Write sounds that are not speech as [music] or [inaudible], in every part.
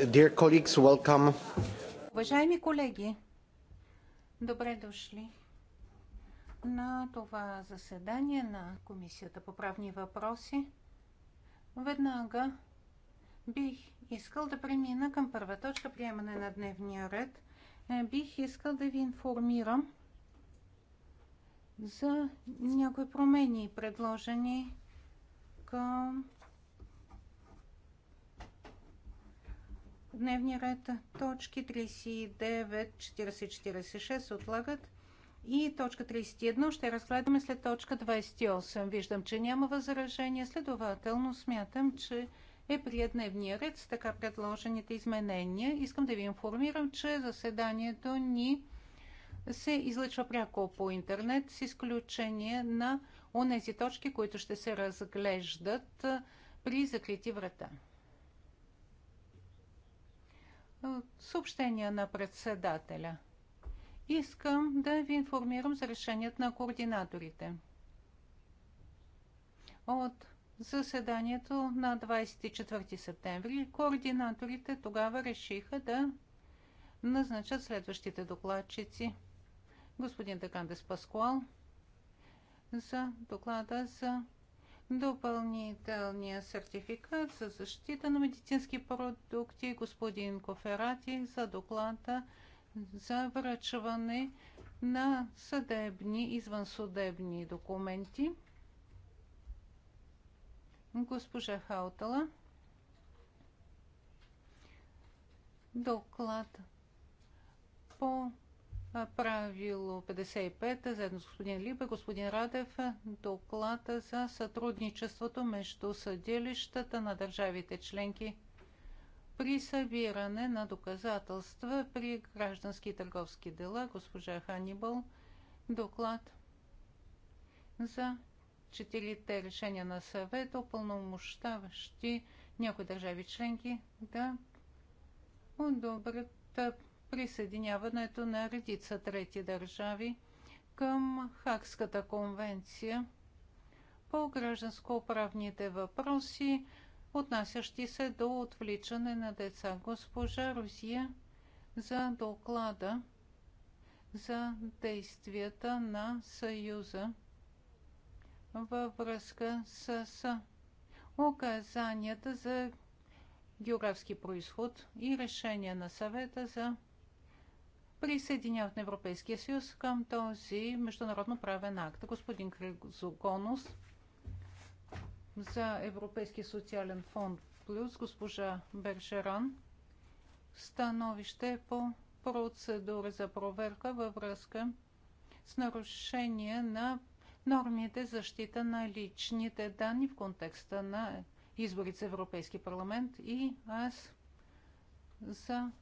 Dear colleagues, welcome. Уважаеми колеги, добре дошли на това заседание на Комисията по правни въпроси. Веднага бих искал да премина към първа точка приемане на дневния ред. Е, бих искал да ви информирам за някои промени, предложени към дневния ред точки 39, 40, 46 отлагат и точка 31 ще разгледаме след точка 28. Виждам, че няма възражение, следователно смятам, че е прият дневния ред с така предложените изменения. Искам да ви информирам, че заседанието ни се излъчва пряко по интернет, с изключение на онези точки, които ще се разглеждат при закрити врата съобщения на председателя. Искам да ви информирам за решението на координаторите. От заседанието на 24 септември координаторите тогава решиха да назначат следващите докладчици. Господин Декандес Паскуал за доклада за допълнителния сертификат за защита на медицински продукти, господин Коферати, за доклада за връчване на съдебни, извънсъдебни документи. Госпожа Хаутала. Доклад по правило 55, заедно с господин Либе, господин Радев, доклада за сътрудничеството между съдилищата на държавите членки при събиране на доказателства при граждански и търговски дела, госпожа Ханибал, доклад за четирите решения на съвет, опълномощаващи някои държави членки да одобрят присъединяването на редица трети държави към Хакската конвенция по гражданско-правните въпроси, отнасящи се до отвличане на деца. Госпожа Русия за доклада за действията на Съюза във връзка с указанията за географски происход и решение на съвета за присъединяват на Европейския съюз към този международно правен акт. Господин Кризогонос за Европейския социален фонд плюс госпожа Бершеран становище по процедура за проверка във връзка с нарушение на нормите защита на личните данни в контекста на изборите за Европейски парламент и аз за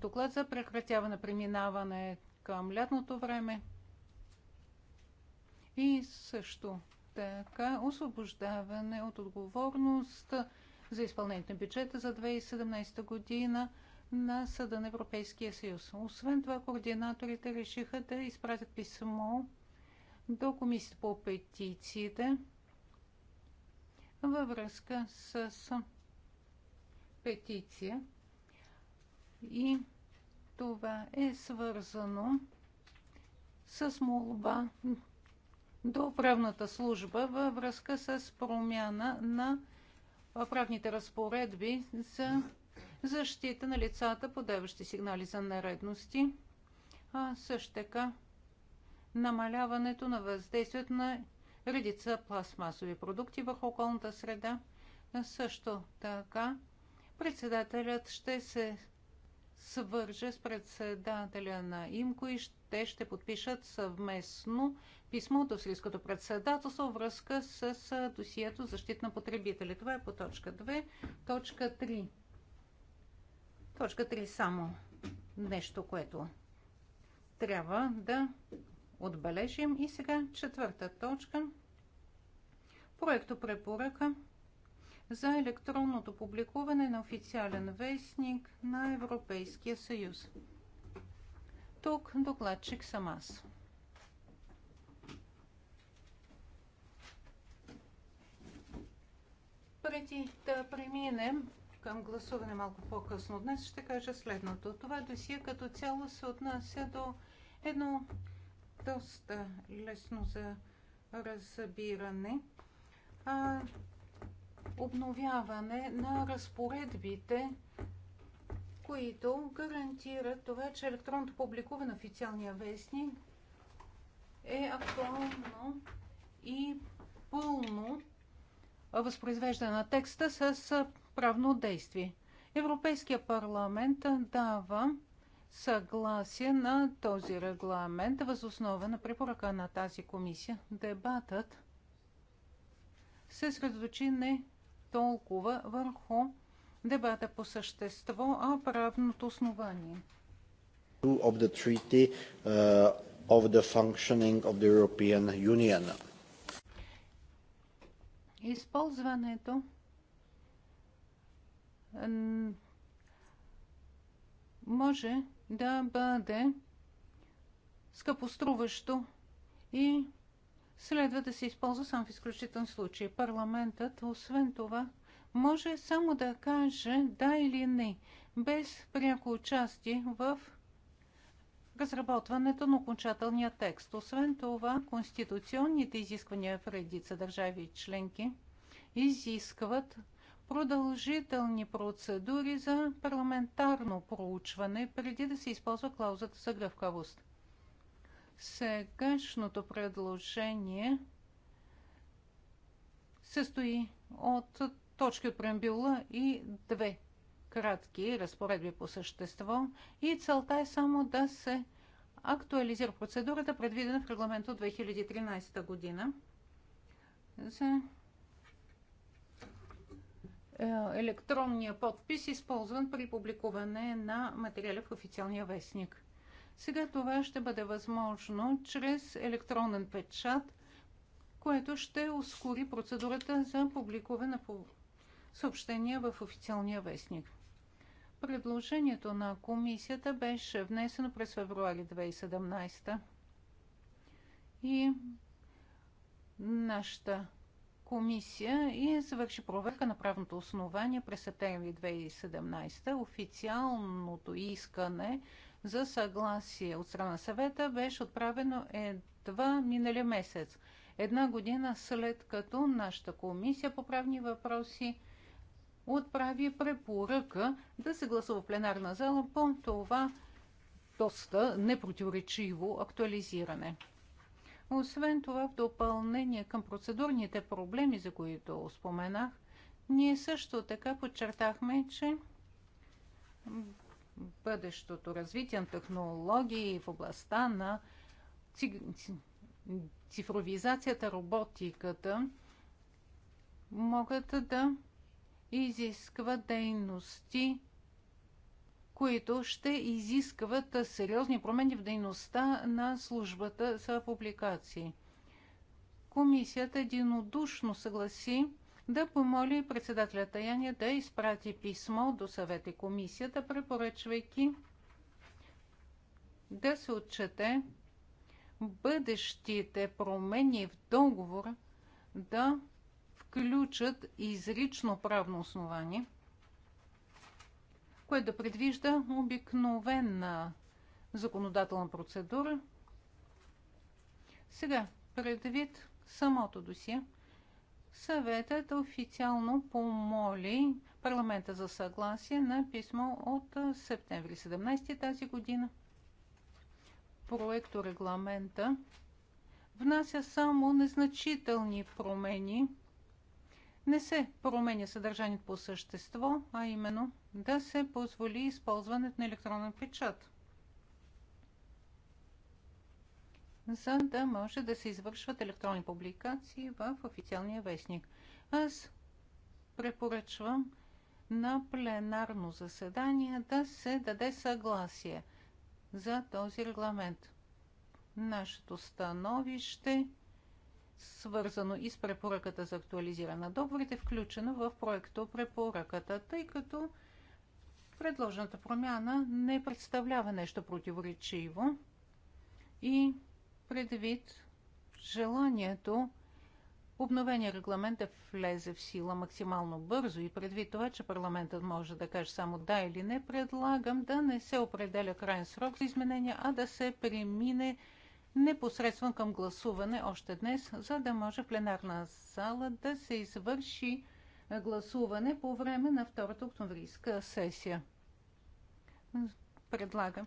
Доклад за прекратяване преминаване към лятното време и също така освобождаване от отговорност за изпълнението на бюджета за 2017 година на Съда на Европейския съюз. Освен това, координаторите решиха да изпратят писмо до комисията по петициите във връзка с петиция и това е свързано с молба до правната служба във връзка с промяна на правните разпоредби за защита на лицата, подаващи сигнали за нередности, а също така намаляването на въздействието на редица пластмасови продукти върху околната среда. Също така председателят ще се свържа с председателя на ИМКО и те ще подпишат съвместно писмо до Сирийското председателство връзка с досието защита на потребители. Това е по точка 2. Точка 3. Точка 3 само нещо, което трябва да отбележим. И сега четвърта точка. Проекто препоръка за електронното публикуване на официален вестник на Европейския съюз. Тук докладчик съм аз. Преди да преминем към гласуване малко по-късно днес, ще кажа следното. Това досие като цяло се отнася до едно доста лесно за разбиране. А, обновяване на разпоредбите, които гарантират това, че електронното публикуване на официалния вестник е актуално и пълно възпроизвеждане на текста с правно действие. Европейския парламент дава съгласие на този регламент възоснова на препоръка на тази комисия. Дебатът се средоточи не толкова върху дебата по същество, а правното основание. Of the treaty, uh, of the functioning of the European Union. Използването може да бъде скъпоструващо и следва да се използва само в изключителни случаи. Парламентът, освен това, може само да каже да или не, без пряко участие в разработването на окончателния текст. Освен това, конституционните изисквания в редица държави и членки изискват продължителни процедури за парламентарно проучване, преди да се използва клаузата за гръвкавост сегашното предложение състои от точки от преамбюла и две кратки разпоредби по същество и целта е само да се актуализира процедурата, предвидена в регламент от 2013 година за е, електронния подпис, използван при публикуване на материали в официалния вестник. Сега това ще бъде възможно чрез електронен печат, което ще ускори процедурата за публикуване на съобщения в официалния вестник. Предложението на комисията беше внесено през февруари 2017 и нашата комисия и завърши проверка на правното основание през септември 2017. Официалното искане за съгласие от страна съвета беше отправено едва минали месец. Една година след като нашата комисия по правни въпроси отправи препоръка да се гласува в пленарна зала по това доста непротиворечиво актуализиране. Освен това, в допълнение към процедурните проблеми, за които споменах, ние също така подчертахме, че бъдещото развитие на технологии в областта на цифровизацията, роботиката могат да изискват дейности, които ще изискват сериозни промени в дейността на службата за публикации. Комисията единодушно съгласи да помоли председателя Таяния да изпрати писмо до съвета и комисията, препоръчвайки да се отчете бъдещите промени в договора да включат изрично правно основание, което да предвижда обикновена законодателна процедура. Сега, предвид самото досие, съветът официално помоли парламента за съгласие на писмо от септември 17 тази година. Проекто регламента внася само незначителни промени. Не се променя съдържанието по същество, а именно да се позволи използването на електронен печат. за да може да се извършват електронни публикации в официалния вестник. Аз препоръчвам на пленарно заседание да се даде съгласие за този регламент. Нашето становище, свързано и с препоръката за актуализиране на договорите, е включено в проекто препоръката, тъй като предложената промяна не представлява нещо противоречиво и предвид желанието обновения регламент да влезе в сила максимално бързо и предвид това, че парламентът може да каже само да или не, предлагам да не се определя крайен срок за изменения, а да се премине непосредствено към гласуване още днес, за да може в пленарна зала да се извърши гласуване по време на втората октомврийска сесия. Предлагам.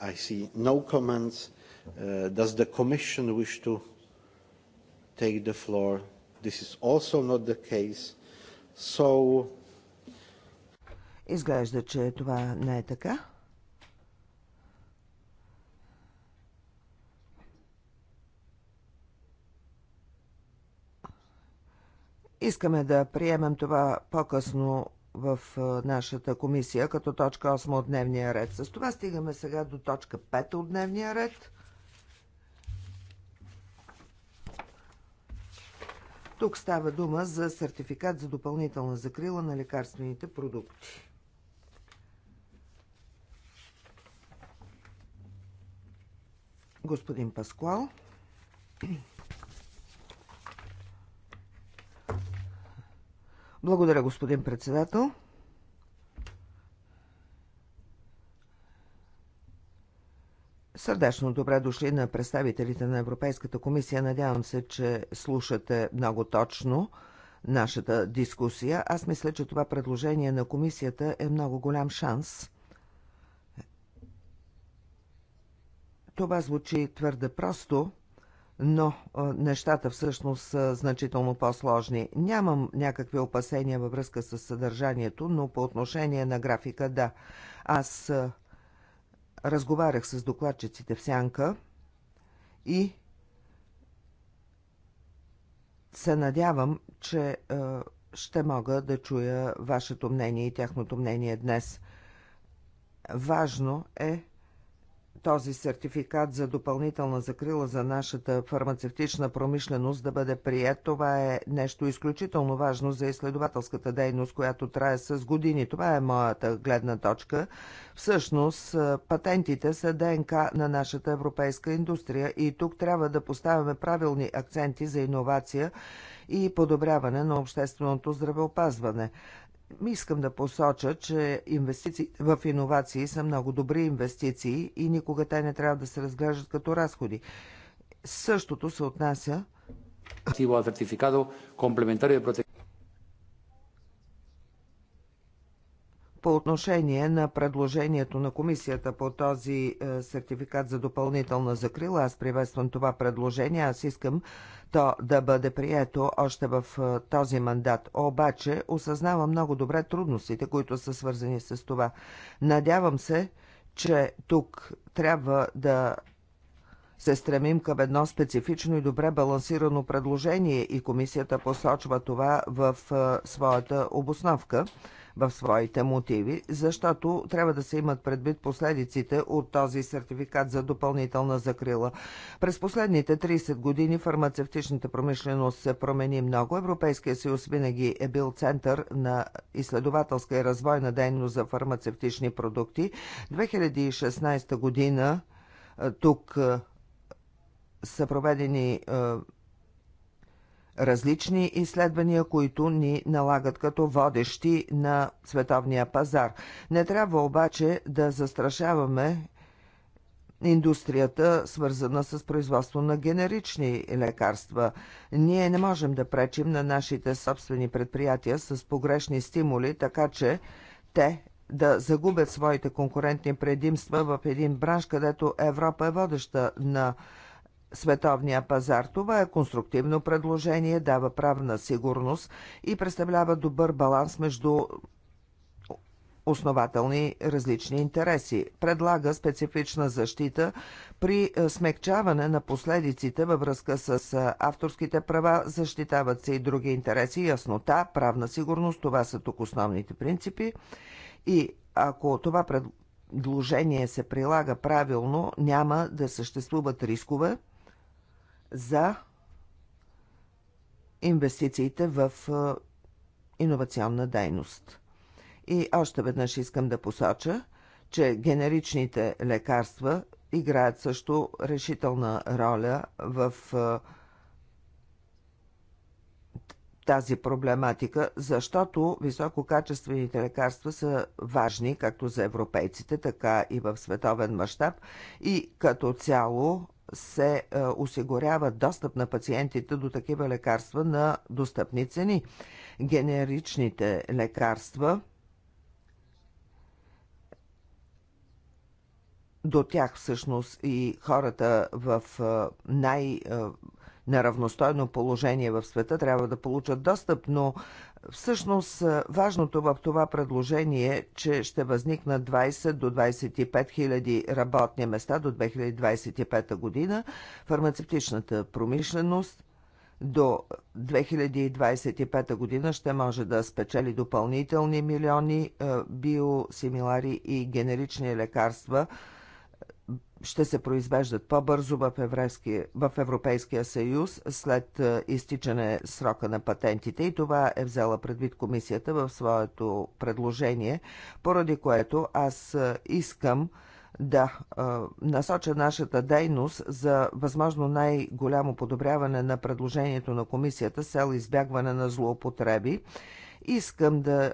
I see no comments. Uh, does the Commission wish to take the floor? This is also not the case. So... Изглежда, че това не е така. Искаме да приемем това по-късно в нашата комисия като точка 8 от дневния ред. С това стигаме сега до точка 5 от дневния ред. Тук става дума за сертификат за допълнителна закрила на лекарствените продукти. Господин Паскуал. Благодаря, господин председател. Сърдечно добре дошли на представителите на Европейската комисия. Надявам се, че слушате много точно нашата дискусия. Аз мисля, че това предложение на комисията е много голям шанс. Това звучи твърде просто, но нещата всъщност са значително по-сложни. Нямам някакви опасения във връзка с съдържанието, но по отношение на графика, да. Аз разговарях с докладчиците в Сянка и се надявам, че ще мога да чуя вашето мнение и тяхното мнение днес. Важно е този сертификат за допълнителна закрила за нашата фармацевтична промишленост да бъде прият, това е нещо изключително важно за изследователската дейност, която трае с години. Това е моята гледна точка. Всъщност, патентите са ДНК на нашата европейска индустрия и тук трябва да поставяме правилни акценти за иновация и подобряване на общественото здравеопазване. Искам да посоча, че инвестициите в иновации са много добри инвестиции и никога те не трябва да се разглеждат като разходи. Същото се отнася по отношение на предложението на комисията по този е, сертификат за допълнителна закрила. Аз приветствам това предложение. Аз искам то да бъде прието още в е, този мандат. Обаче осъзнавам много добре трудностите, които са свързани с това. Надявам се, че тук трябва да се стремим към едно специфично и добре балансирано предложение и комисията посочва това в е, своята обосновка в своите мотиви, защото трябва да се имат предвид последиците от този сертификат за допълнителна закрила. През последните 30 години фармацевтичната промишленост се промени много. Европейския съюз винаги е бил център на изследователска и развойна дейност за фармацевтични продукти. 2016 година тук са проведени различни изследвания, които ни налагат като водещи на световния пазар. Не трябва обаче да застрашаваме индустрията, свързана с производство на генерични лекарства. Ние не можем да пречим на нашите собствени предприятия с погрешни стимули, така че те да загубят своите конкурентни предимства в един бранш, където Европа е водеща на световния пазар. Това е конструктивно предложение, дава правна сигурност и представлява добър баланс между основателни различни интереси. Предлага специфична защита при е, смекчаване на последиците във връзка с е, авторските права, защитават се и други интереси, яснота, правна сигурност, това са тук основните принципи. И ако това предложение се прилага правилно, няма да съществуват рискове, за инвестициите в иновационна дейност. И още веднъж искам да посоча, че генеричните лекарства играят също решителна роля в тази проблематика, защото висококачествените лекарства са важни както за европейците, така и в световен мащаб и като цяло се е, осигурява достъп на пациентите до такива лекарства на достъпни цени. Генеричните лекарства до тях всъщност и хората в е, най- е, неравностойно положение в света трябва да получат достъп, но Всъщност е, важното в това предложение е, че ще възникнат 20 до 25 хиляди работни места до 2025 година. Фармацевтичната промишленост до 2025 година ще може да спечели допълнителни милиони е, биосимилари и генерични лекарства – ще се произвеждат по-бързо в, в Европейския съюз след е, изтичане срока на патентите и това е взела предвид комисията в своето предложение, поради което аз е, искам да е, насоча нашата дейност за възможно най-голямо подобряване на предложението на комисията с цел избягване на злоупотреби. Искам да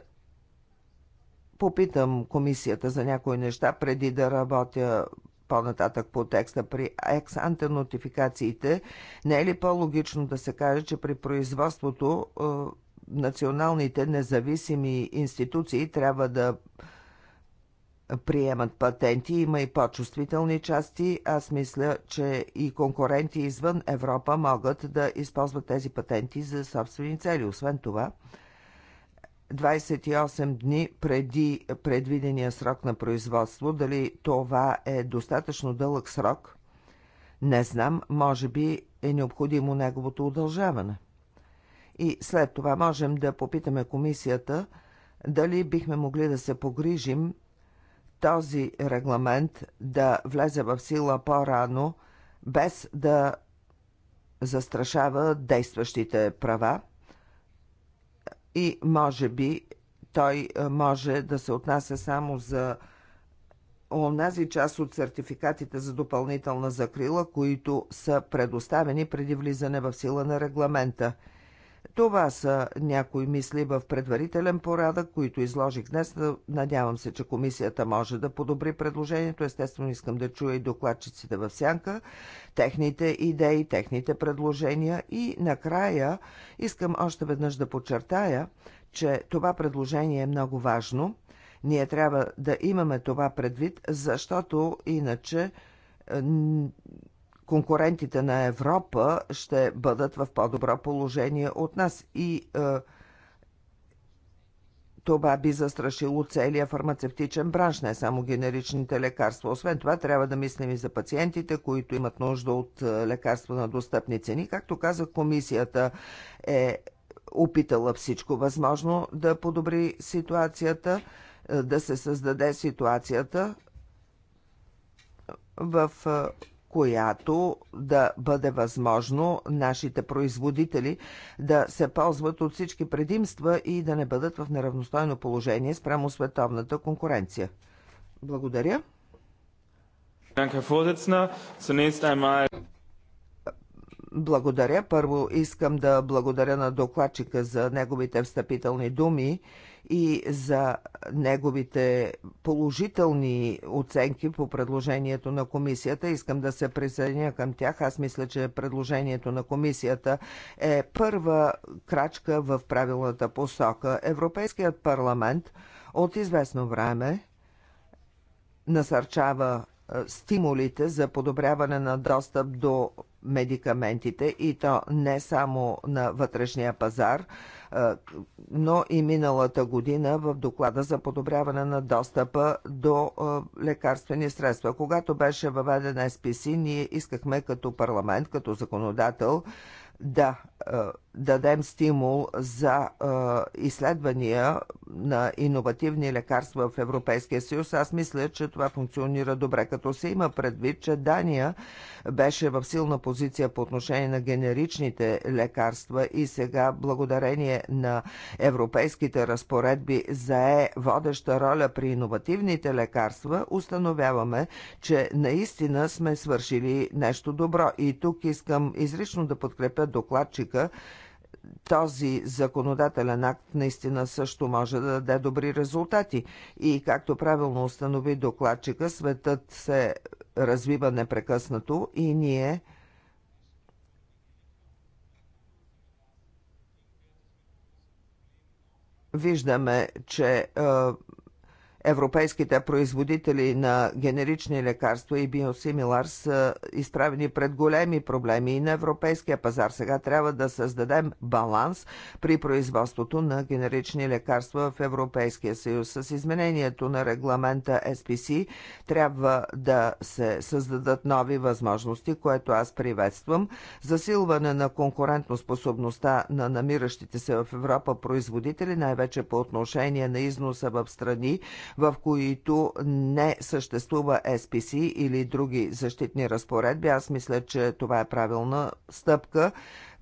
попитам комисията за някои неща преди да работя по-нататък по текста при екс антенотификациите, нотификациите, не е ли по-логично да се каже, че при производството е, националните независими институции трябва да приемат патенти, има и по-чувствителни части. Аз мисля, че и конкуренти извън Европа могат да използват тези патенти за собствени цели. Освен това, 28 дни преди предвидения срок на производство. Дали това е достатъчно дълъг срок? Не знам, може би е необходимо неговото удължаване. И след това можем да попитаме комисията дали бихме могли да се погрижим този регламент да влезе в сила по-рано, без да застрашава действащите права и може би той е, може да се отнася само за онази част от сертификатите за допълнителна закрила, които са предоставени преди влизане в сила на регламента – това са някои мисли в предварителен порядък, които изложих днес. Надявам се, че комисията може да подобри предложението. Естествено, искам да чуя и докладчиците в сянка, техните идеи, техните предложения. И накрая искам още веднъж да подчертая, че това предложение е много важно. Ние трябва да имаме това предвид, защото иначе конкурентите на Европа ще бъдат в по-добро положение от нас. И е, това би застрашило целия фармацевтичен бранш, не само генеричните лекарства. Освен това, трябва да мислим и за пациентите, които имат нужда от е, лекарства на достъпни цени. Както каза, комисията е опитала всичко възможно да подобри ситуацията, е, да се създаде ситуацията в е, която да бъде възможно нашите производители да се ползват от всички предимства и да не бъдат в неравностойно положение спрямо световната конкуренция. Благодаря. Благодаря. Първо искам да благодаря на докладчика за неговите встъпителни думи и за неговите положителни оценки по предложението на комисията. Искам да се присъединя към тях. Аз мисля, че предложението на комисията е първа крачка в правилната посока. Европейският парламент от известно време насърчава е, стимулите за подобряване на достъп до медикаментите и то не само на вътрешния пазар, но и миналата година в доклада за подобряване на достъпа до лекарствени средства. Когато беше въведена СПС, ние искахме като парламент, като законодател да дадем стимул за е, изследвания на иновативни лекарства в Европейския съюз, аз мисля, че това функционира добре, като се има предвид, че Дания беше в силна позиция по отношение на генеричните лекарства и сега благодарение на европейските разпоредби зае водеща роля при иновативните лекарства, установяваме, че наистина сме свършили нещо добро. И тук искам изрично да подкрепя докладчика, този законодателен акт наистина също може да даде добри резултати. И както правилно установи докладчика, светът се развива непрекъснато и ние виждаме, че европейските производители на генерични лекарства и биосимилар са изправени пред големи проблеми и на европейския пазар. Сега трябва да създадем баланс при производството на генерични лекарства в Европейския съюз. С изменението на регламента SPC трябва да се създадат нови възможности, което аз приветствам. Засилване на конкурентоспособността на намиращите се в Европа производители, най-вече по отношение на износа в страни, в които не съществува SPC или други защитни разпоредби. Аз мисля, че това е правилна стъпка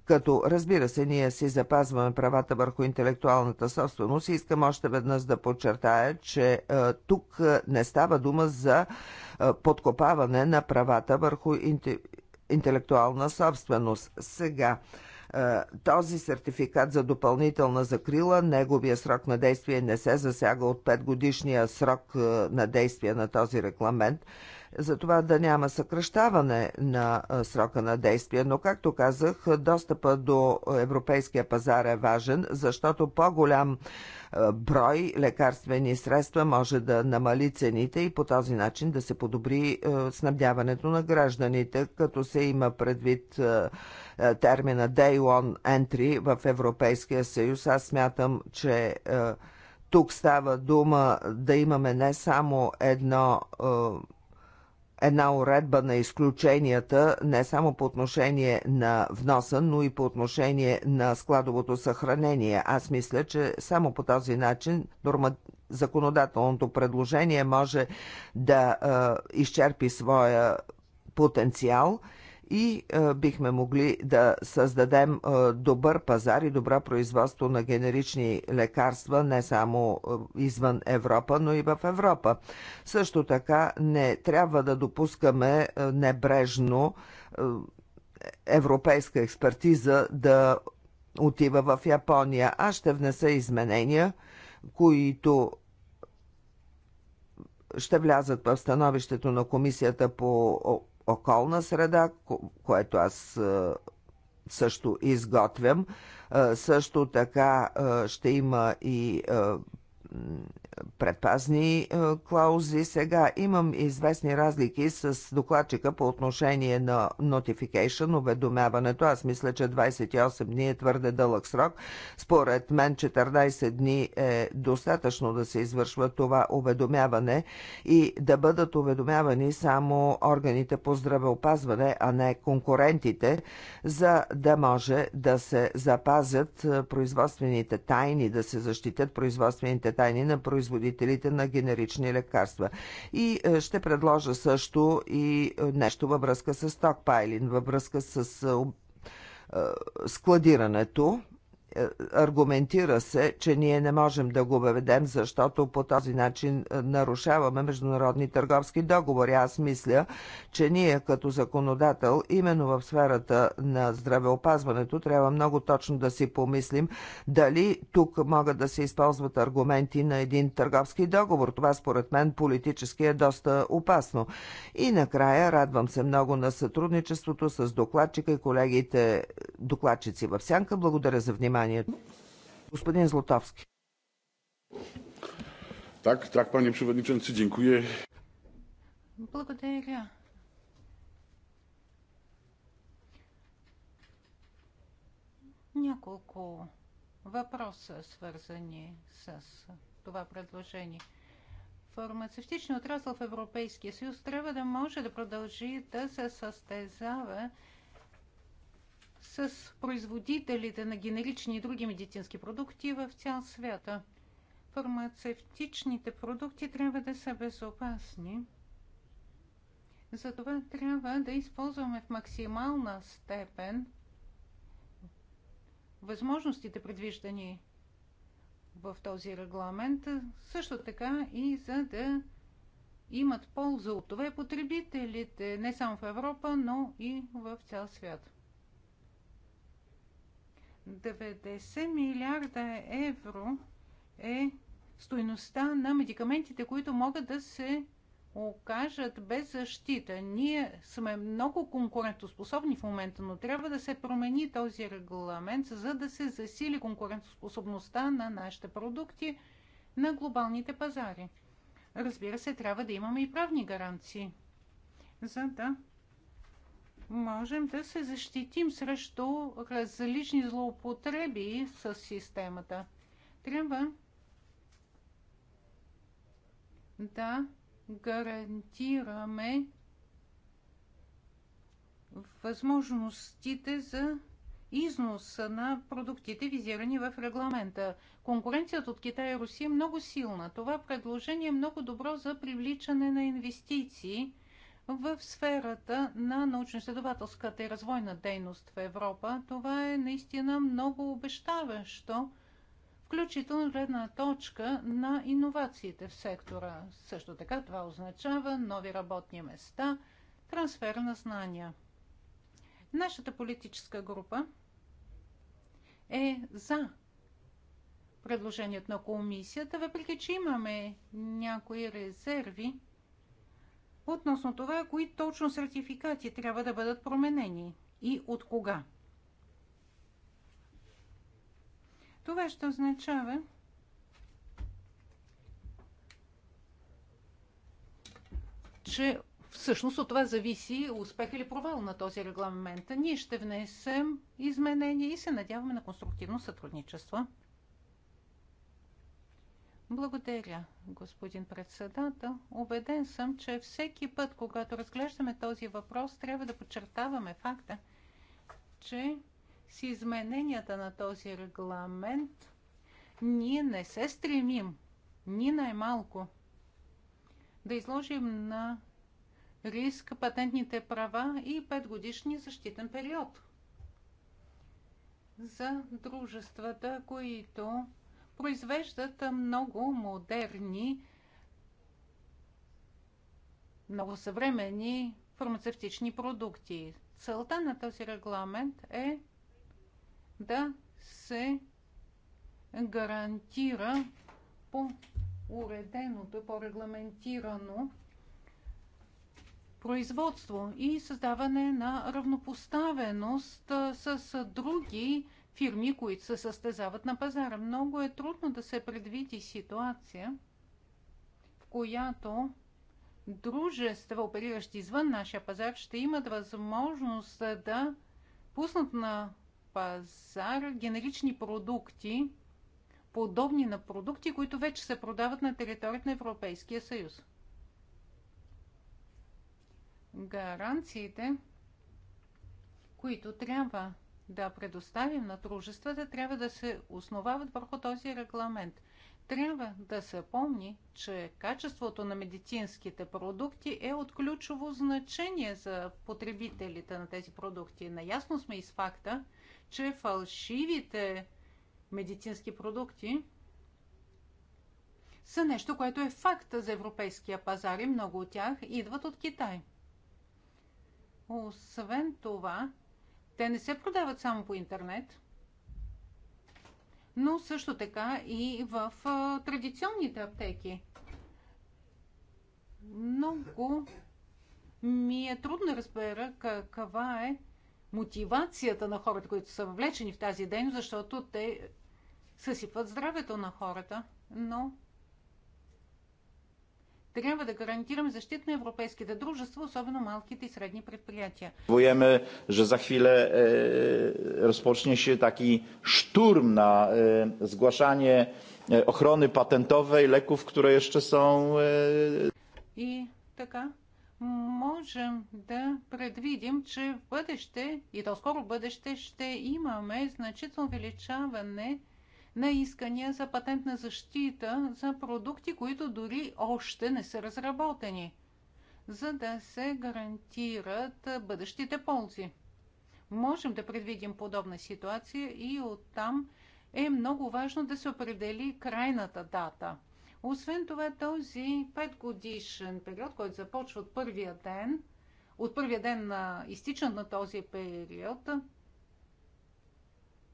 като разбира се ние си запазваме правата върху интелектуалната собственост, и искам още веднъж да подчертая, че е, тук е, не става дума за е, подкопаване на правата върху интелектуална собственост. Сега, е, този сертификат за допълнителна закрила, неговия срок на действие не се засяга от 5 годишния срок е, на действие на този регламент за това да няма съкръщаване на е, срока на действие. Но, както казах, достъпа до европейския пазар е важен, защото по-голям брой лекарствени средства може да намали цените и по този начин да се подобри снабдяването на гражданите, като се има предвид е, термина Day One Entry в Европейския съюз. Аз смятам, че е, тук става дума да имаме не само едно е, една уредба на изключенията не само по отношение на вноса, но и по отношение на складовото съхранение. Аз мисля, че само по този начин норма... законодателното предложение може да е, изчерпи своя потенциал – и а, е, бихме могли да създадем а, е, добър пазар и добро производство на генерични лекарства не само е, извън Европа, но и в Европа. Също така не трябва да допускаме а, небрежно а, европейска експертиза да отива в Япония. Аз ще внеса изменения, които ще влязат в становището на комисията по околна среда, което аз също изготвям. Също така ще има и предпазни е, клаузи. Сега имам известни разлики с докладчика по отношение на notification, уведомяването. Аз мисля, че 28 дни е твърде дълъг срок. Според мен 14 дни е достатъчно да се извършва това уведомяване и да бъдат уведомявани само органите по здравеопазване, а не конкурентите, за да може да се запазят е, производствените тайни, да се защитят производствените тайни тайни на производителите на генерични лекарства. И е, ще предложа също и е, нещо във връзка с стокпайлин, във връзка с е, складирането аргументира се, че ние не можем да го въведем, защото по този начин е, нарушаваме международни търговски договори. Аз мисля, че ние като законодател, именно в сферата на здравеопазването, трябва много точно да си помислим дали тук могат да се използват аргументи на един търговски договор. Това според мен политически е доста опасно. И накрая радвам се много на сътрудничеството с докладчика и колегите е, докладчици в Сянка. Благодаря за вниманието вниманието. Господин Златовски. Так, так, пани przewodniczący, dziękuję. Благодаря. Няколко въпроса, свързани с това предложение. Фармацевтичният отрасъл в Европейския съюз трябва да може да продължи да се състезава с производителите на генерични и други медицински продукти в цял свят. Фармацевтичните продукти трябва да са безопасни. Затова трябва да използваме в максимална степен възможностите предвиждани в този регламент, също така и за да имат полза от това потребителите не само в Европа, но и в цял свят. 90 милиарда евро е стоеността на медикаментите, които могат да се окажат без защита. Ние сме много конкурентоспособни в момента, но трябва да се промени този регламент, за да се засили конкурентоспособността на нашите продукти на глобалните пазари. Разбира се, трябва да имаме и правни гаранции, за да можем да се защитим срещу различни злоупотреби с системата. Трябва да гарантираме възможностите за износ на продуктите, визирани в регламента. Конкуренцията от Китай и Русия е много силна. Това предложение е много добро за привличане на инвестиции – в сферата на научно-изследователската и развойна дейност в Европа. Това е наистина много обещаващо, включително гледна точка на иновациите в сектора. Също така това означава нови работни места, трансфер на знания. Нашата политическа група е за предложението на комисията, въпреки че имаме някои резерви – относно това, кои точно сертификати трябва да бъдат променени и от кога. Това ще означава, че всъщност от това зависи успех или провал на този регламент. Ние ще внесем изменения и се надяваме на конструктивно сътрудничество. Благодаря, господин председател. Обеден съм, че всеки път, когато разглеждаме този въпрос, трябва да подчертаваме факта, че с измененията на този регламент ние не се стремим, ни най-малко, да изложим на риск патентните права и 5-годишни защитен период за дружествата, които произвеждат много модерни, много съвремени фармацевтични продукти. Целта на този регламент е да се гарантира по уреденото по-регламентирано производство и създаване на равнопоставеност с други фирми, които се състезават на пазара. Много е трудно да се предвиди ситуация, в която дружества, опериращи извън нашия пазар, ще имат възможност да пуснат на пазар генерични продукти, подобни на продукти, които вече се продават на територията на Европейския съюз. Гаранциите, които трябва да предоставим на дружествата, трябва да се основават върху този регламент. Трябва да се помни, че качеството на медицинските продукти е от ключово значение за потребителите на тези продукти. Наясно сме и с факта, че фалшивите медицински продукти са нещо, което е факт за европейския пазар и много от тях идват от Китай. Освен това, те не се продават само по интернет, но също така и в традиционните аптеки. Много ми е трудно да разбера каква е мотивацията на хората, които са въвлечени в тази дейност, защото те съсипват здравето на хората. Но трябва да гарантираме защита на европейските дружества, особено малките и средни предприятия. Воеме, че за хвиле е, разпочне се таки штурм на е, е, охрони патентове и леков, които още са... И така, можем да предвидим, че в бъдеще и то скоро бъдеще ще имаме значително увеличаване на на искания за патентна защита за продукти, които дори още не са разработени, за да се гарантират бъдещите ползи. Можем да предвидим подобна ситуация и оттам е много важно да се определи крайната дата. Освен това, този 5 годишен период, който започва от първия ден, от първия ден на изтичан на този период,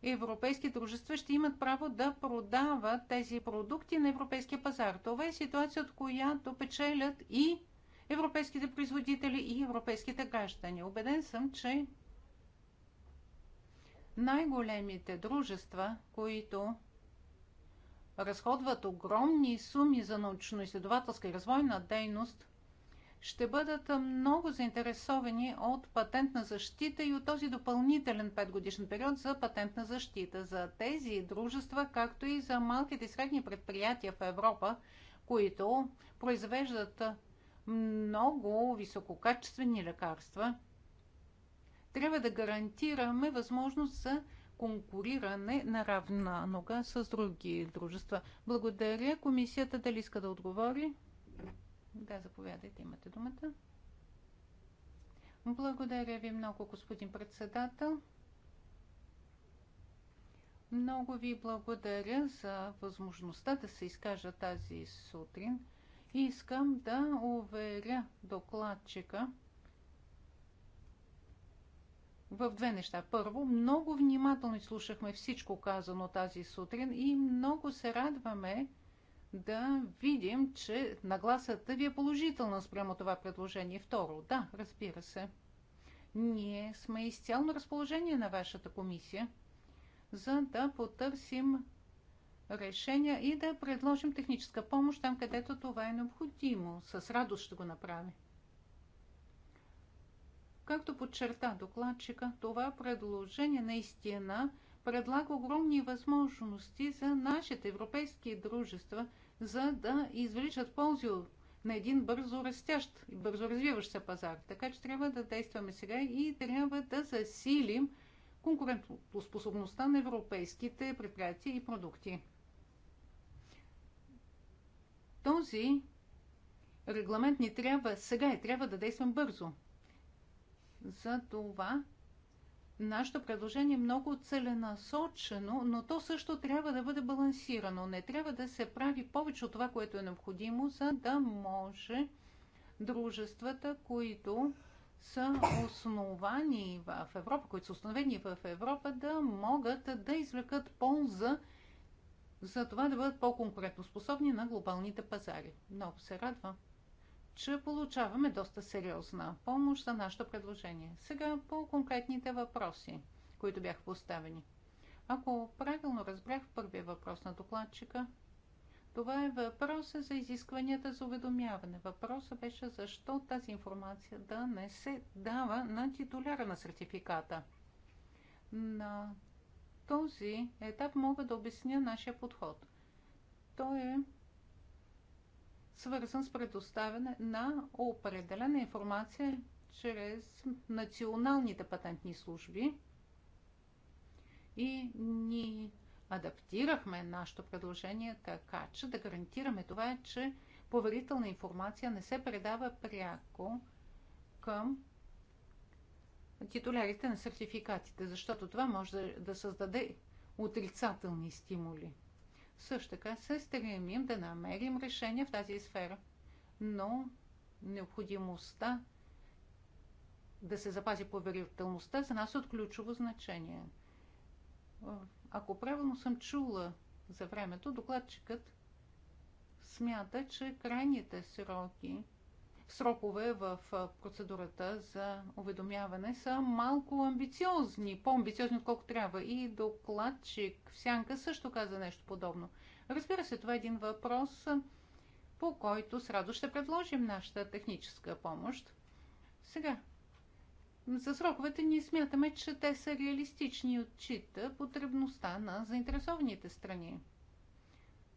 европейски дружества ще имат право да продават тези продукти на европейския пазар. Това е ситуация, от която печелят и европейските производители, и европейските граждани. Обеден съм, че най-големите дружества, които разходват огромни суми за научно-изследователска и развойна дейност, ще бъдат много заинтересовани от патентна защита и от този допълнителен 5-годишен период за патентна защита. За тези дружества, както и за малките и средни предприятия в Европа, които произвеждат много висококачествени лекарства, трябва да гарантираме възможност за конкуриране на равна нога с други дружества. Благодаря. Комисията дали иска да отговори? Да, заповядайте, имате думата. Благодаря ви много, господин председател. Много ви благодаря за възможността да се изкажа тази сутрин. Искам да уверя докладчика в две неща. Първо, много внимателно слушахме всичко казано тази сутрин и много се радваме, да видим, че нагласата ви е положителна спрямо това предложение. Второ, да, разбира се. Ние сме изцяло на разположение на вашата комисия, за да потърсим решения и да предложим техническа помощ там, където това е необходимо. С радост ще го направим. Както подчерта докладчика, това предложение наистина е предлага огромни възможности за нашите европейски дружества, за да извличат ползи на един бързо растящ и бързо развиващ се пазар. Така че трябва да действаме сега и трябва да засилим конкурентоспособността на европейските предприятия и продукти. Този регламент ни трябва сега и трябва да действам бързо. За това Нашето предложение е много целенасочено, но то също трябва да бъде балансирано. Не трябва да се прави повече от това, което е необходимо, за да може дружествата, които са основани в Европа, които са установени в Европа, да могат да извлекат полза за това да бъдат по-конкурентоспособни на глобалните пазари. Много се радва че получаваме доста сериозна помощ за нашето предложение. Сега по конкретните въпроси, които бяха поставени. Ако правилно разбрах първия въпрос на докладчика, това е въпроса за изискванията за уведомяване. Въпросът беше защо тази информация да не се дава на титуляра на сертификата. На този етап мога да обясня нашия подход. Той е свързан с предоставяне на определена информация чрез националните патентни служби. И ни адаптирахме нашето предложение така, че да гарантираме това, че поверителна информация не се предава пряко към титулярите на сертификатите, защото това може да създаде отрицателни стимули. Също така се стремим да намерим решение в тази сфера, но необходимостта да се запази поверителността за нас е от ключово значение. Ако правилно съм чула за времето, докладчикът смята, че крайните сроки срокове в процедурата за уведомяване са малко амбициозни, по-амбициозни, отколко трябва. И докладчик в Сянка също каза нещо подобно. Разбира се, това е един въпрос, по който с радост ще предложим нашата техническа помощ. Сега, за сроковете ние смятаме, че те са реалистични и отчита потребността на заинтересованите страни.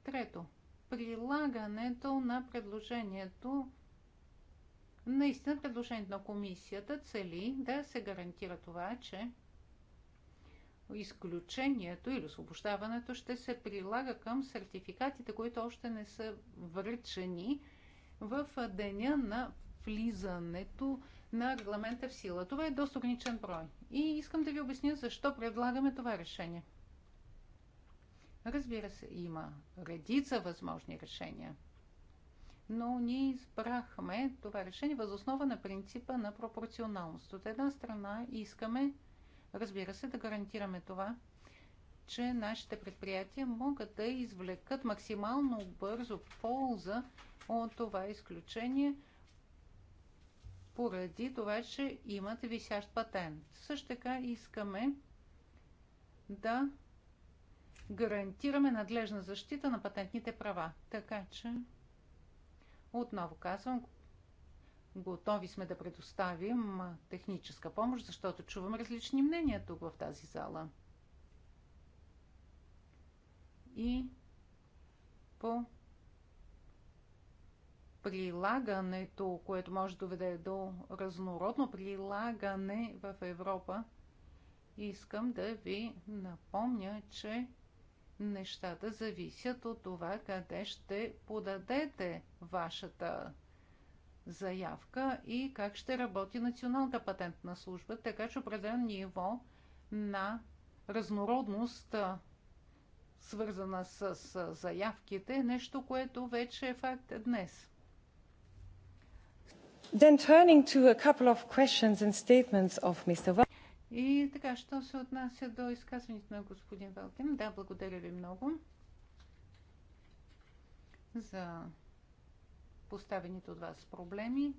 Трето, прилагането на предложението Наистина предложението на комисията цели да се гарантира това, че изключението или освобождаването ще се прилага към сертификатите, които още не са връчени в деня на влизането на регламента в сила. Това е доста ограничен брой. И искам да ви обясня защо предлагаме това решение. Разбира се, има редица възможни решения – но ние избрахме това решение възоснова на принципа на пропорционалност. От една страна искаме, разбира се, да гарантираме това, че нашите предприятия могат да извлекат максимално бързо полза от това изключение, поради това, че имат висящ патент. Също така искаме да гарантираме надлежна защита на патентните права. Така че отново казвам, готови сме да предоставим техническа помощ, защото чувам различни мнения тук в тази зала. И по прилагането, което може да доведе до разнородно прилагане в Европа, искам да ви напомня, че нещата зависят от това къде ще подадете вашата заявка и как ще работи Националната патентна служба, така че определено ниво на разнородност, свързана с заявките, е нещо, което вече е факт днес. Then turning to a couple of questions and statements of Mr. И така, що се отнася до изказването на господин Велкин, да, благодаря ви много за поставените от вас проблеми.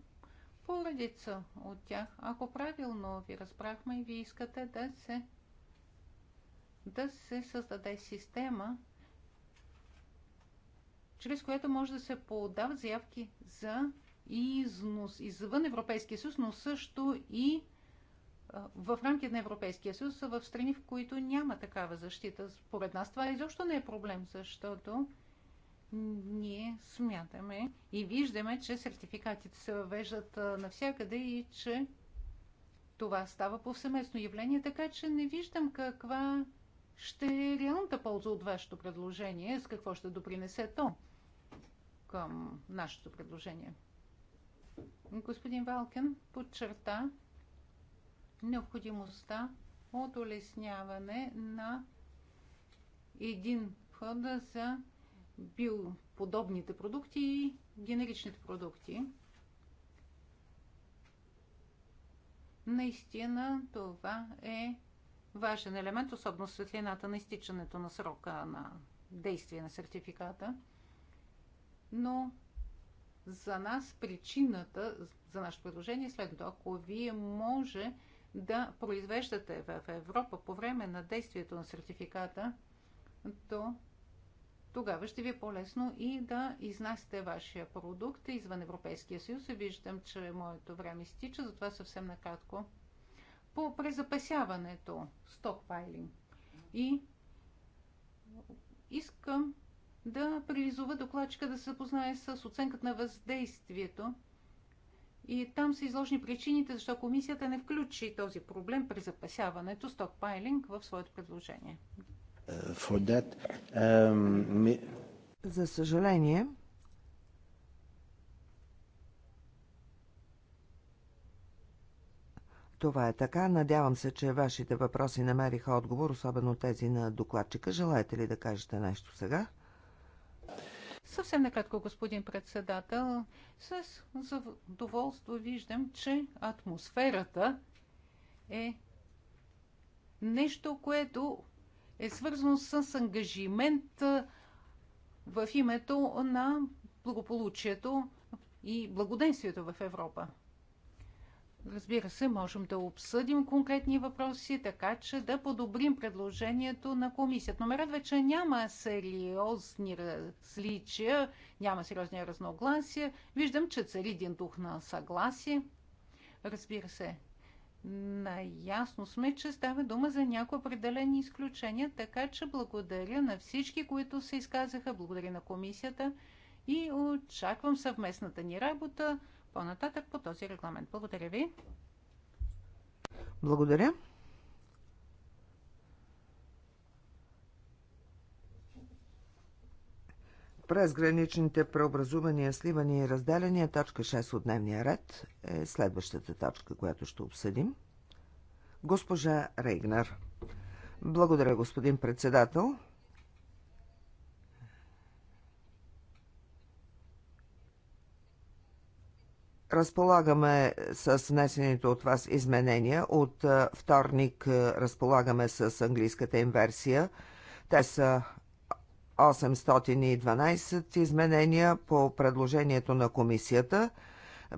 Поредица от тях, ако правилно ви разбрахме, и ви искате да се, да се създаде система, чрез която може да се подават заявки за износ извън Европейския съюз, но също и в рамките на Европейския съюз са в страни, в които няма такава защита. Според нас това изобщо не е проблем, защото ние смятаме и виждаме, че сертификатите се въвеждат навсякъде и че това става повсеместно явление, така че не виждам каква ще е реалната полза от вашето предложение, с какво ще допринесе то към нашето предложение. Господин Валкен подчерта, необходимостта от улесняване на един хода за биоподобните продукти и генеричните продукти. Наистина това е важен елемент, особено светлината на изтичането на срока на действие на сертификата. Но за нас причината за нашето предложение е следното. Ако вие може да произвеждате в Европа по време на действието на сертификата, то тогава ще ви е по-лесно и да изнасяте вашия продукт извън Европейския съюз. Виждам, че моето време изтича, затова съвсем накратко. По презапасяването, стокпайлинг. И искам да прилизува докладчика да се запознае с оценката на въздействието и там са изложени причините, защо комисията не включи този проблем при запасяването, стокпайлинг, в своето предложение. Е, that, um, me... За съжаление, Това е така. Надявам се, че вашите въпроси намериха отговор, особено тези на докладчика. Желаете ли да кажете нещо сега? Съвсем накратко, господин председател, с задоволство виждам, че атмосферата е нещо, което е свързано с ангажимент в името на благополучието и благоденствието в Европа. Разбира се, можем да обсъдим конкретни въпроси, така че да подобрим предложението на комисията. Но ме радва, че няма сериозни различия, няма сериозни разногласия. Виждам, че цари един дух на съгласие. Разбира се, наясно сме, че става дума за някои определени изключения, така че благодаря на всички, които се изказаха, благодаря на комисията и очаквам съвместната ни работа по-нататък по този регламент. Благодаря ви. Благодаря. През граничните преобразувания, сливания и разделения. точка 6 от дневния ред е следващата точка, която ще обсъдим. Госпожа Рейгнар. Благодаря, господин председател. разполагаме с внесените от вас изменения. От е, вторник е, разполагаме с английската им версия. Те са 812 изменения по предложението на комисията –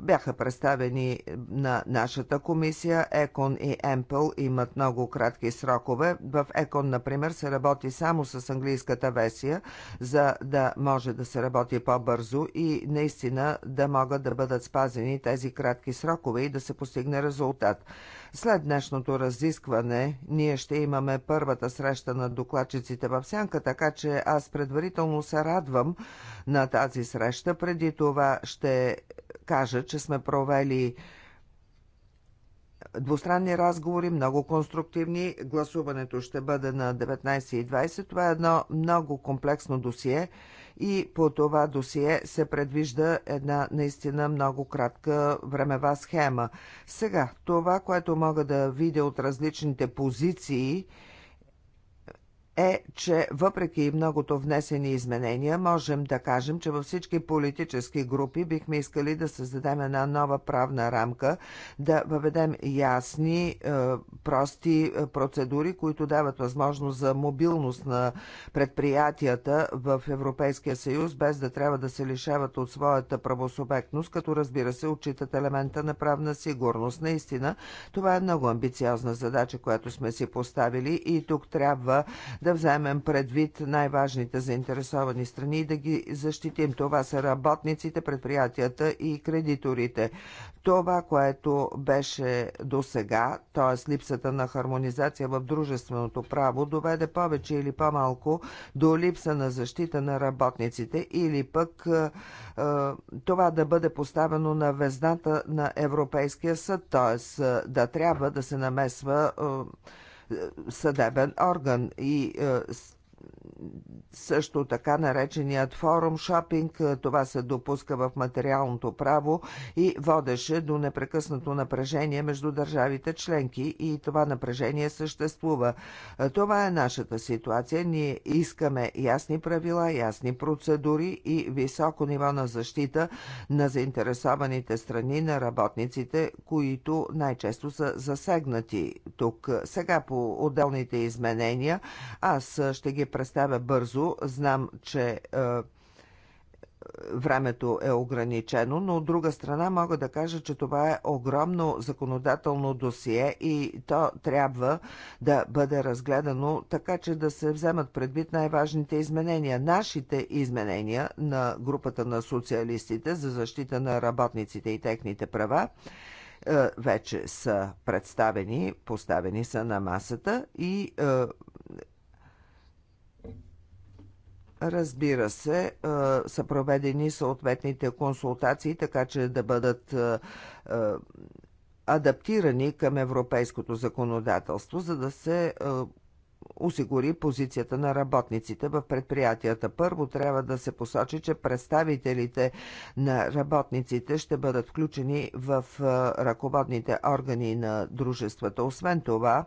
бяха представени е, на нашата комисия. ЕКОН и ЕМПЛ имат много кратки срокове. В ЕКОН, например, се работи само с английската версия, за да може да се работи по-бързо и наистина да могат да бъдат спазени тези кратки срокове и да се постигне резултат. След днешното разискване ние ще имаме първата среща на докладчиците в Сянка, така че аз предварително се радвам на тази среща. Преди това ще кажа, че сме провели двустранни разговори, много конструктивни. Гласуването ще бъде на 19.20. Това е едно много комплексно досие и по това досие се предвижда една наистина много кратка времева схема. Сега, това, което мога да видя от различните позиции, е, че въпреки многото внесени изменения, можем да кажем, че във всички политически групи бихме искали да създадем една нова правна рамка, да въведем ясни, е, прости е, процедури, които дават възможност за мобилност на предприятията в Европейския съюз, без да трябва да се лишават от своята правосубектност, като разбира се отчитат елемента на правна сигурност. Наистина, това е много амбициозна задача, която сме си поставили и тук трябва да вземем предвид най-важните заинтересовани страни и да ги защитим. Това са работниците, предприятията и кредиторите. Това, което беше до сега, т.е. липсата на хармонизация в дружественото право, доведе повече или по-малко до липса на защита на работниците или пък е, е, това да бъде поставено на везната на Европейския съд, т.е. Е, да трябва да се намесва съдебен орган. И е, също така нареченият форум шопинг. Това се допуска в материалното право и водеше до непрекъснато напрежение между държавите членки и това напрежение съществува. Това е нашата ситуация. Ние искаме ясни правила, ясни процедури и високо ниво на защита на заинтересованите страни, на работниците, които най-често са засегнати тук. Сега по отделните изменения аз ще ги представя представя бързо. Знам, че е, времето е ограничено, но от друга страна мога да кажа, че това е огромно законодателно досие и то трябва да бъде разгледано така, че да се вземат предвид най-важните изменения. Нашите изменения на групата на социалистите за защита на работниците и техните права е, вече са представени, поставени са на масата и е, Разбира се, са проведени съответните консултации, така че да бъдат адаптирани към европейското законодателство, за да се осигури позицията на работниците в предприятията. Първо трябва да се посочи, че представителите на работниците ще бъдат включени в ръководните органи на дружествата. Освен това,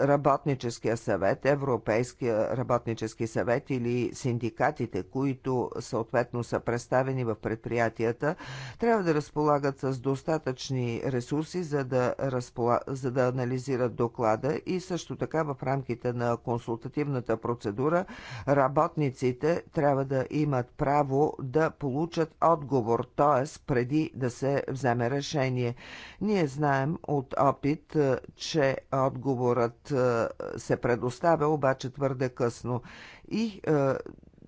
работническия съвет, Европейския работнически съвет или синдикатите, които съответно са представени в предприятията, трябва да разполагат с достатъчни ресурси, за да, разпола... за да анализират доклада и също така в рамките рамките на консултативната процедура, работниците трябва да имат право да получат отговор, т.е. преди да се вземе решение. Ние знаем от опит, е, че отговорът е, се предоставя, обаче твърде късно. И е,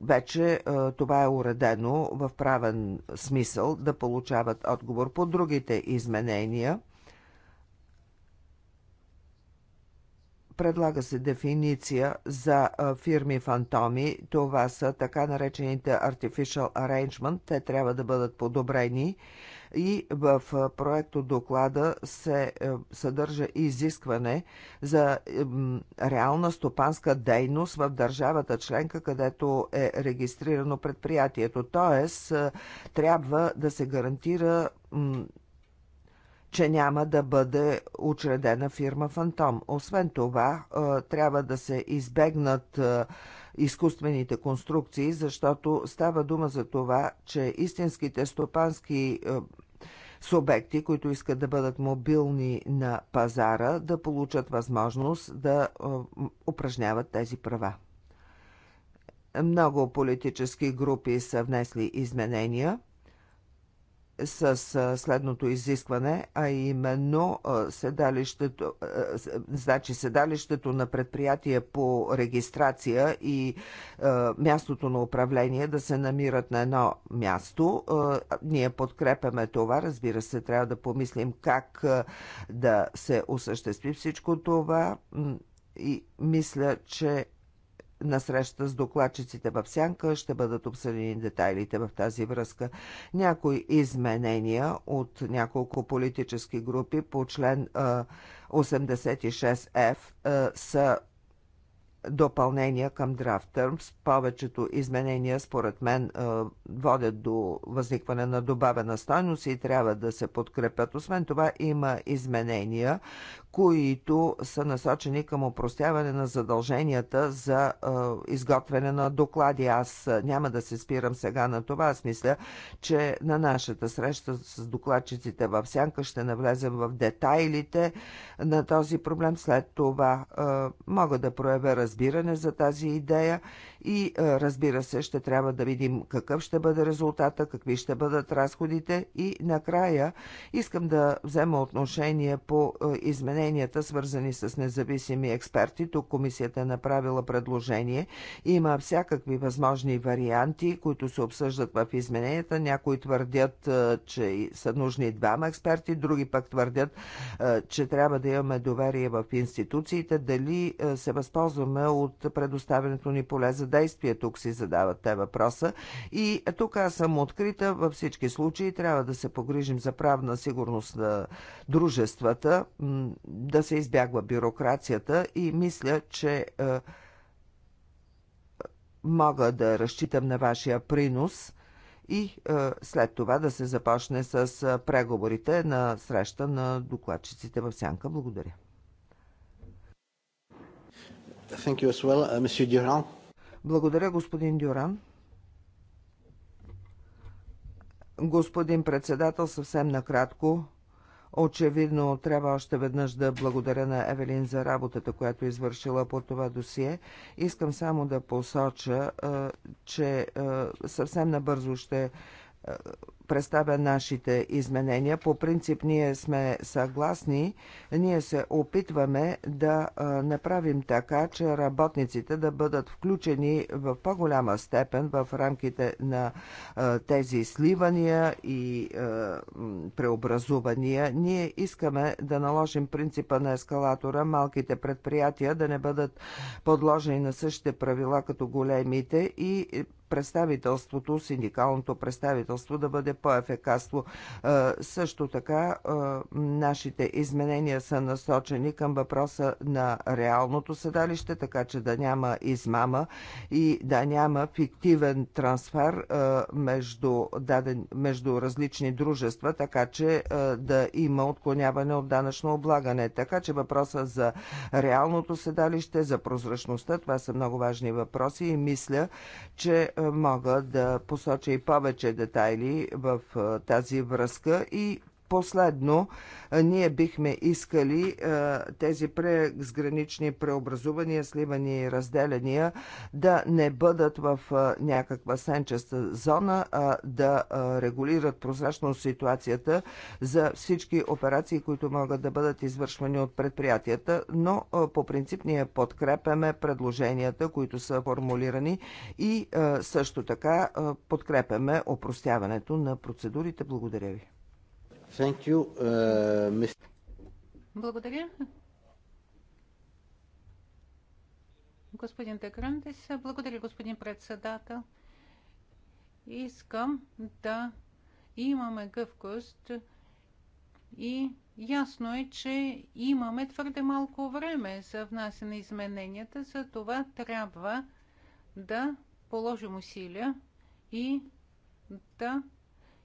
вече това е уредено в правен смисъл да получават отговор по другите изменения. Предлага се дефиниция за фирми фантоми. Това са така наречените Artificial Arrangement. Те трябва да бъдат подобрени. И в проекто доклада се е, съдържа изискване за реална стопанска дейност в държавата членка, където е регистрирано предприятието. Тоест, трябва да се гарантира че няма да бъде учредена фирма Фантом. Освен това, е, трябва да се избегнат е, изкуствените конструкции, защото става дума за това, че истинските стопански е, субекти, които искат да бъдат мобилни на пазара, да получат възможност да упражняват тези права. Много политически групи са внесли изменения – с следното изискване, а именно седалището, значи седалището на предприятие по регистрация и мястото на управление да се намират на едно място. Ние подкрепяме това. Разбира се, трябва да помислим как да се осъществи всичко това. И мисля, че на среща с докладчиците в Сянка ще бъдат обсъдени детайлите в тази връзка. Някои изменения от няколко политически групи по член 86F са допълнения към Draft Terms. Повечето изменения, според мен, е, водят до възникване на добавена стойност и трябва да се подкрепят. Освен това, има изменения, които са насочени към упростяване на задълженията за е, изготвяне на доклади. Аз е, няма да се спирам сега на това. Аз мисля, че на нашата среща с докладчиците в Сянка ще навлезем в детайлите на този проблем. След това мога да проявя разбиране за тази идея и разбира се, ще трябва да видим какъв ще бъде резултата, какви ще бъдат разходите и накрая искам да взема отношение по измененията, свързани с независими експерти. Тук комисията е направила предложение. Има всякакви възможни варианти, които се обсъждат в измененията. Някои твърдят, че са нужни двама експерти, други пък твърдят, че трябва да имаме доверие в институциите, дали се възползваме от предоставянето ни поле за съдействие, тук си задават те въпроса. И тук аз съм открита във всички случаи. Трябва да се погрижим за правна сигурност на дружествата, да се избягва бюрокрацията и мисля, че е, мога да разчитам на вашия принос и е, след това да се започне с е, преговорите на среща на докладчиците в Сянка. Благодаря. Thank you as well, uh, благодаря, господин Дюран. Господин председател, съвсем накратко. Очевидно трябва още веднъж да благодаря на Евелин за работата, която е извършила по това досие. Искам само да посоча, че съвсем набързо ще представя нашите изменения. По принцип ние сме съгласни, ние се опитваме да направим така, че работниците да бъдат включени в по-голяма степен в рамките на тези сливания и преобразувания. Ние искаме да наложим принципа на ескалатора, малките предприятия да не бъдат подложени на същите правила като големите и представителството, синдикалното представителство да бъде по-ефекасно. Е, също така, е, нашите изменения са насочени към въпроса на реалното седалище, така че да няма измама и да няма фиктивен трансфер е, между, даден, между различни дружества, така че да има отклоняване от данъчно облагане. Така че въпроса за реалното седалище, за прозрачността, това са много важни въпроси и мисля, че мога да посоча и повече детайли в в тази връзка и Последно, ние бихме искали тези презгранични преобразувания, сливания и разделения да не бъдат в някаква сенчеста зона, а да регулират прозрачно ситуацията за всички операции, които могат да бъдат извършвани от предприятията, но по принцип ние подкрепяме предложенията, които са формулирани и също така подкрепяме опростяването на процедурите. Благодаря ви. Thank you, uh, Благодаря. Господин Деграндис, благодаря, господин председател. Искам да имаме гъвкост и ясно е, че имаме твърде малко време за внасяне измененията, за това трябва да положим усилия и да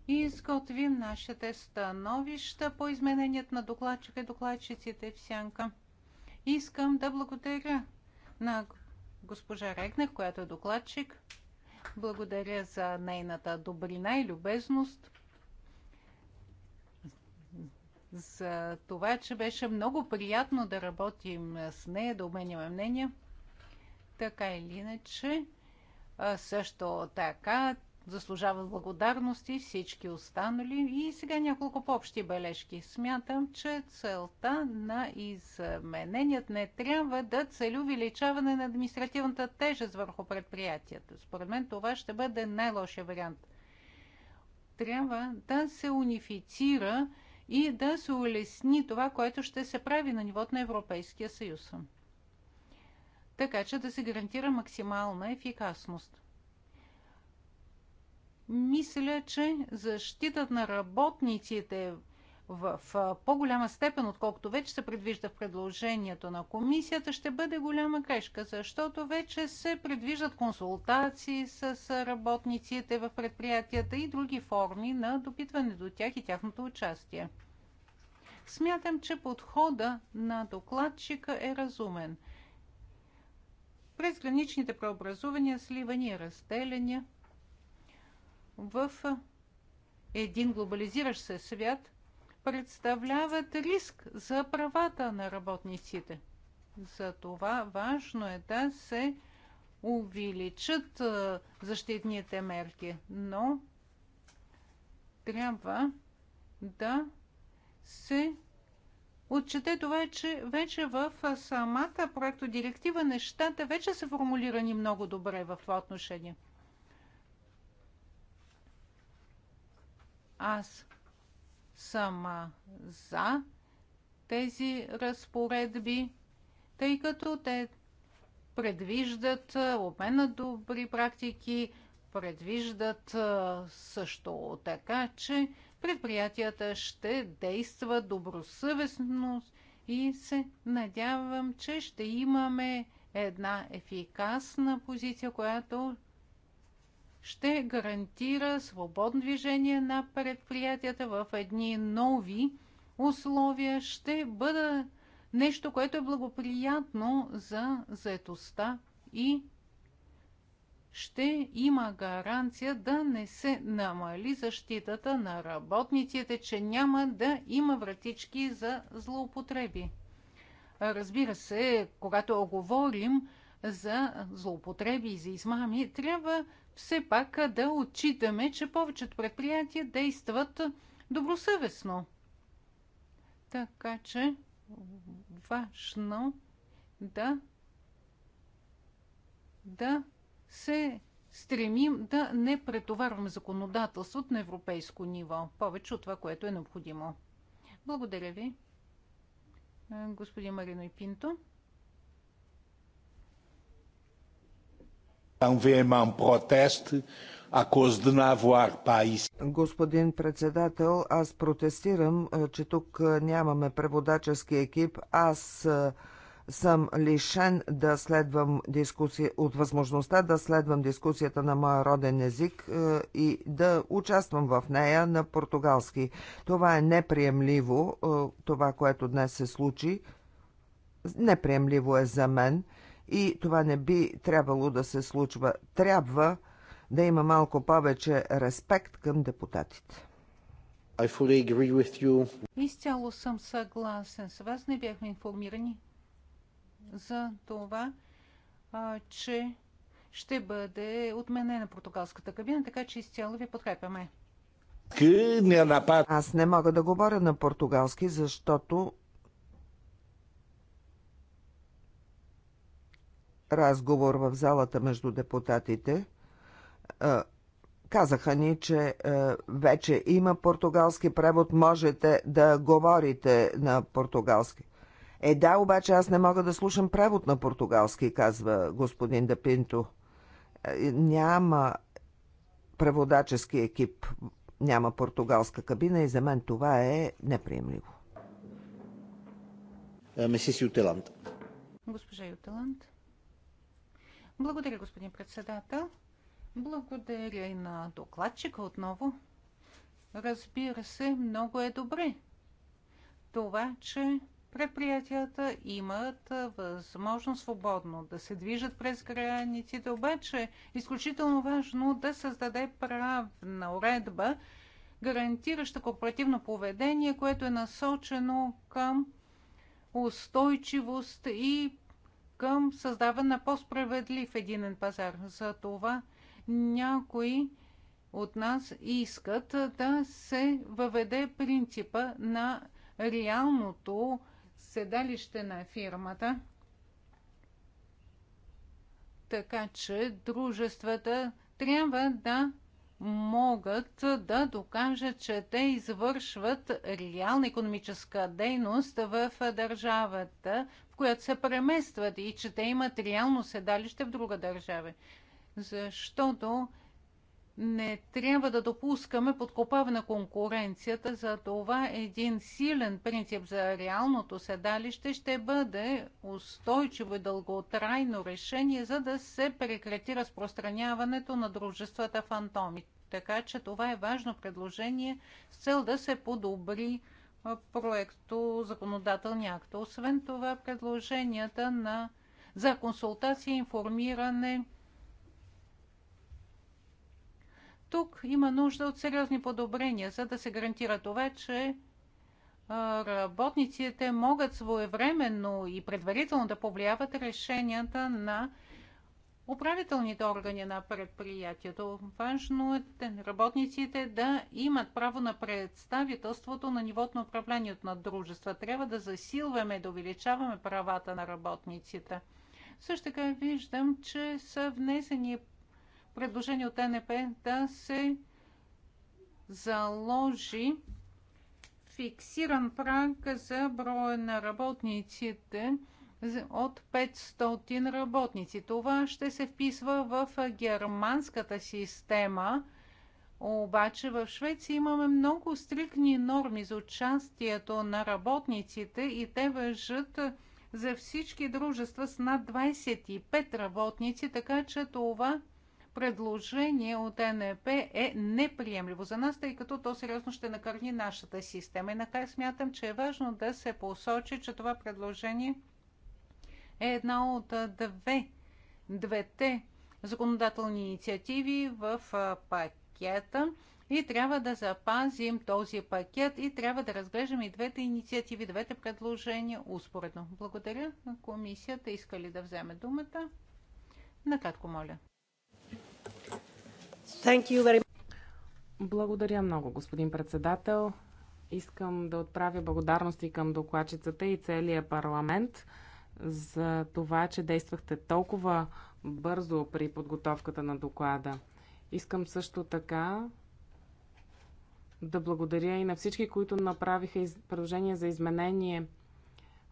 и изготвим нашите становища по изменението на докладчика и докладчиците в сянка. Искам да благодаря на госпожа Регнер, която е докладчик. Благодаря за нейната добрина и любезност. За това, че беше много приятно да работим с нея, да обменяме мнения. Така или иначе, също така заслужават благодарности всички останали. И сега няколко по-общи бележки. Смятам, че целта на измененият не трябва да цели увеличаване на административната тежест върху предприятията. Според мен това ще бъде най-лошия вариант. Трябва да се унифицира и да се улесни това, което ще се прави на нивото на Европейския съюз. Така че да се гарантира максимална ефикасност мисля, че защитът на работниците в по-голяма степен, отколкото вече се предвижда в предложението на комисията, ще бъде голяма грешка, защото вече се предвиждат консултации с работниците в предприятията и други форми на допитване до тях и тяхното участие. Смятам, че подхода на докладчика е разумен. През граничните преобразувания, сливания разделения – в един глобализиращ се свят представляват риск за правата на работниците. Затова важно е да се увеличат защитните мерки, но трябва да се отчете това, че вече в самата директива нещата вече са формулирани много добре в това отношение – Аз съм за тези разпоредби, тъй като те предвиждат обмен на добри практики, предвиждат също така, че предприятията ще действат добросъвестно и се надявам, че ще имаме една ефикасна позиция, която ще гарантира свободно движение на предприятията в едни нови условия, ще бъде нещо, което е благоприятно за заетостта и ще има гаранция да не се намали защитата на работниците, че няма да има вратички за злоупотреби. Разбира се, когато говорим за злоупотреби и за измами, трябва все пак да отчитаме, че повечето предприятия действат добросъвестно. Така че важно да да се стремим да не претоварваме законодателството на европейско ниво, повече от това, което е необходимо. Благодаря ви, господин Марино и Пинто. Господин председател, аз протестирам, че тук нямаме преводачески екип. Аз съм лишен да следвам дискусия, от възможността да следвам дискусията на моя роден език и да участвам в нея на португалски. Това е неприемливо, това, което днес се случи. Неприемливо е за мен – и това не би трябвало да се случва. Трябва да има малко повече респект към депутатите. I fully agree with you. Изцяло съм съгласен с вас. Не бяхме информирани за това, а, че ще бъде отменена португалската кабина, така че изцяло ви подкрепяме. Аз не мога да говоря на португалски, защото разговор в залата между депутатите, е, казаха ни, че е, вече има португалски превод, можете да говорите на португалски. Е да, обаче аз не мога да слушам превод на португалски, казва господин Дапинто. Е, няма преводачески екип, няма португалска кабина и за мен това е неприемливо. Месис Ютеланд. Госпожа Ютеланд. Благодаря, господин председател. Благодаря и на докладчика отново. Разбира се, много е добре това, че предприятията имат възможност свободно да се движат през границите, обаче е изключително важно да създаде правна уредба, гарантираща корпоративно поведение, което е насочено към устойчивост и към създаване на по-справедлив единен пазар. За това някои от нас искат да се въведе принципа на реалното седалище на фирмата, така че дружествата трябва да могат да докажат, че те извършват реална економическа дейност в държавата, която се преместват и че те имат реално седалище в друга държава. Защото не трябва да допускаме подкопава на конкуренцията, за това един силен принцип за реалното седалище ще бъде устойчиво и дълготрайно решение, за да се прекрати разпространяването на дружествата фантоми. Така че това е важно предложение с цел да се подобри проекто законодателни акта. Освен това, предложенията на, за консултация и информиране тук има нужда от сериозни подобрения, за да се гарантира това, че работниците могат своевременно и предварително да повлияват решенията на управителните органи на предприятието. Важно е работниците да имат право на представителството на нивото на управлението на дружества. Трябва да засилваме и да увеличаваме правата на работниците. Също така виждам, че са внесени предложения от НП да се заложи фиксиран праг за броя на работниците – от 500 работници. Това ще се вписва в германската система, обаче в Швеция имаме много стрикни норми за участието на работниците и те въжат за всички дружества с над 25 работници, така че това предложение от НЕП е неприемливо за нас, тъй като то сериозно ще накърни нашата система. И накрая смятам, че е важно да се посочи, че това предложение – е една от две, двете законодателни инициативи в пакета и трябва да запазим този пакет и трябва да разглеждаме и двете инициативи, двете предложения успоредно. Благодаря. Комисията иска ли да вземе думата? Накратко, моля. Thank you very... Благодаря много, господин председател. Искам да отправя благодарности към докладчицата и целия парламент за това, че действахте толкова бързо при подготовката на доклада. Искам също така да благодаря и на всички, които направиха из... предложения за изменение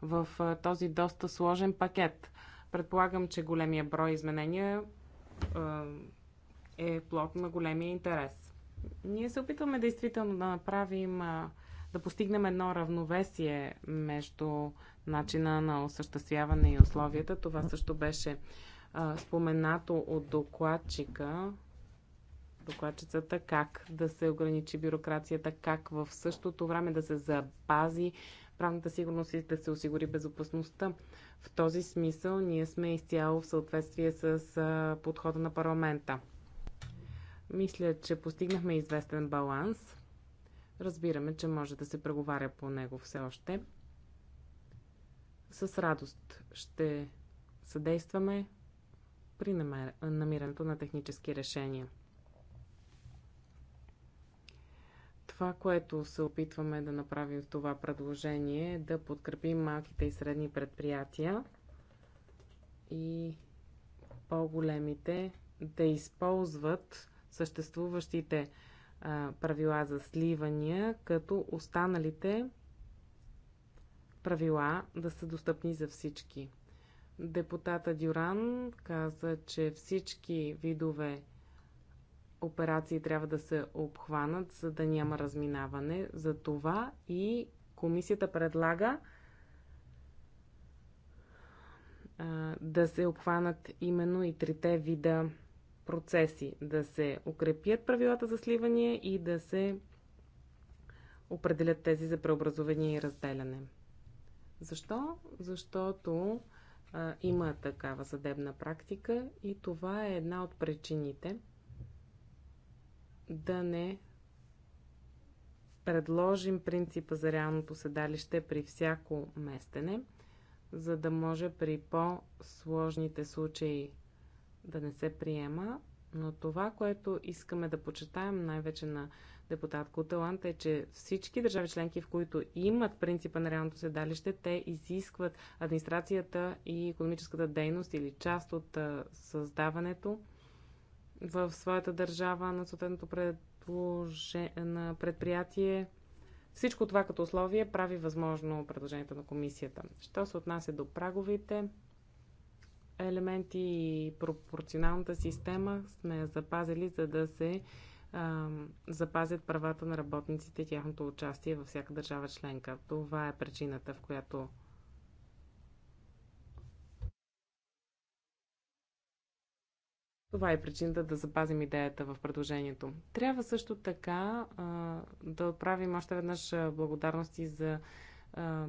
в този доста сложен пакет. Предполагам, че големия брой изменения е плод на големия интерес. Ние се опитваме действително да направим да постигнем едно равновесие между начина на осъществяване и условията. Това също беше а, споменато от докладчика, докладчицата, как да се ограничи бюрокрацията, как в същото време да се запази правната сигурност и да се осигури безопасността. В този смисъл ние сме изцяло в съответствие с а, подхода на парламента. Мисля, че постигнахме известен баланс Разбираме, че може да се преговаря по него все още. С радост ще съдействаме при намирането на технически решения. Това, което се опитваме да направим в това предложение е да подкрепим малките и средни предприятия и по-големите да използват съществуващите правила за сливания, като останалите правила да са достъпни за всички. Депутата Дюран каза, че всички видове операции трябва да се обхванат, за да няма разминаване. За това и комисията предлага да се обхванат именно и трите вида процеси, да се укрепят правилата за сливания и да се определят тези за преобразование и разделяне. Защо? Защото а, има такава съдебна практика и това е една от причините да не предложим принципа за реалното седалище при всяко местене, за да може при по-сложните случаи да не се приема, но това, което искаме да почитаем най-вече на депутат Куталант е, че всички държави членки, в които имат принципа на реалното седалище, те изискват администрацията и економическата дейност или част от създаването в своята държава на съответното на предприятие. Всичко това като условие прави възможно предложението на комисията. Що се отнася до праговите, елементи и пропорционалната система сме я запазили, за да се а, запазят правата на работниците и тяхното участие във всяка държава членка. Това е причината, в която Това е причината да запазим идеята в предложението. Трябва също така а, да отправим още веднъж благодарности за а,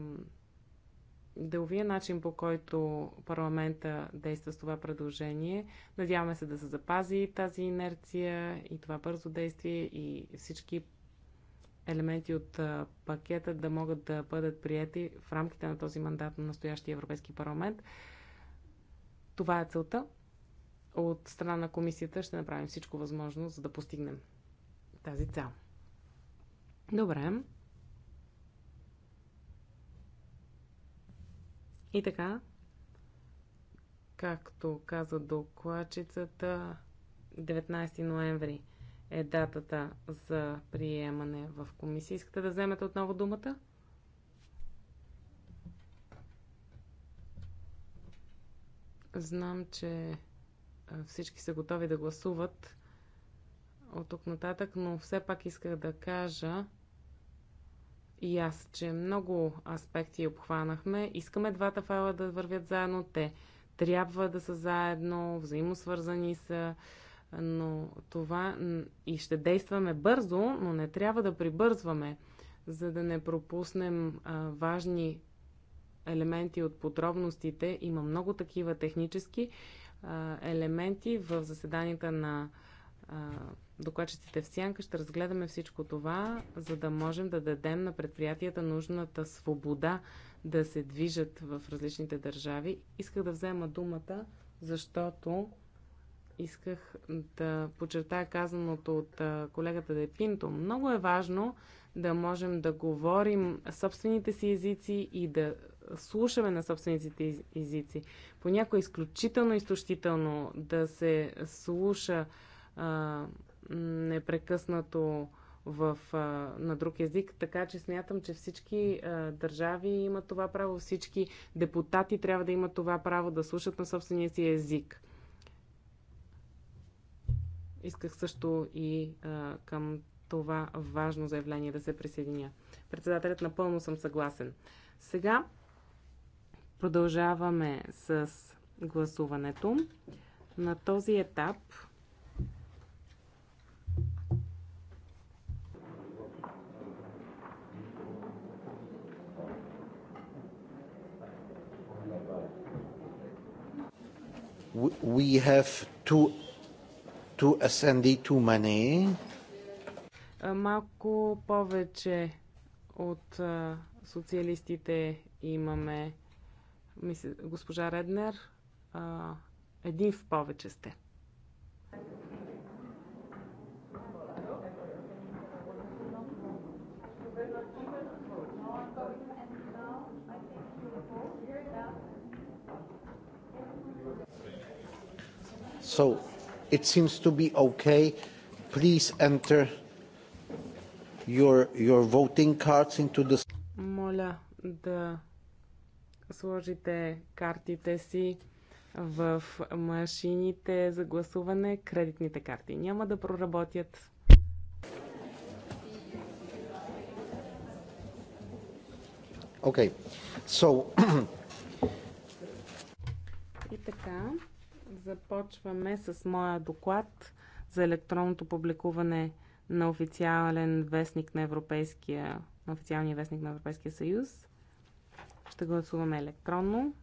деловия начин, по който парламента действа с това предложение. Надяваме се да се запази тази инерция и това бързо действие и всички елементи от пакета да могат да бъдат прияти в рамките на този мандат на настоящия Европейски парламент. Това е целта. От страна на комисията ще направим всичко възможно, за да постигнем тази цел. Добре. И така, както каза докладчицата, 19 ноември е датата за приемане в комисия. Искате да вземете отново думата? Знам, че всички са готови да гласуват от тук нататък, но все пак исках да кажа, и аз, че много аспекти обхванахме. Искаме двата файла да вървят заедно. Те трябва да са заедно, взаимосвързани са, но това и ще действаме бързо, но не трябва да прибързваме, за да не пропуснем а, важни елементи от подробностите. Има много такива технически а, елементи в заседанията на а, докладчиците в Сянка ще разгледаме всичко това, за да можем да дадем на предприятията нужната свобода да се движат в различните държави. Исках да взема думата, защото исках да подчертая казаното от колегата Депинто. Много е важно да можем да говорим собствените си езици и да слушаме на собствените езици. Понякога е изключително изтощително да се слуша непрекъснато в, а, на друг език, така че смятам, че всички а, държави имат това право, всички депутати трябва да имат това право да слушат на собствения си език. Исках също и а, към това важно заявление да се присъединя. Председателят напълно съм съгласен. Сега продължаваме с гласуването. На този етап we have two, two SND too many. Малко повече от социалистите имаме госпожа Реднер. Един в повече сте. So it seems to be okay. Please enter your, your voting cards into the... Моля да сложите картите си в машините за гласуване. Кредитните карти няма да проработят. Okay. So... [clears throat] И така. Започваме с моя доклад за електронното публикуване на официален вестник на Европейския, на официалния вестник на Европейския съюз. Ще гласуваме електронно.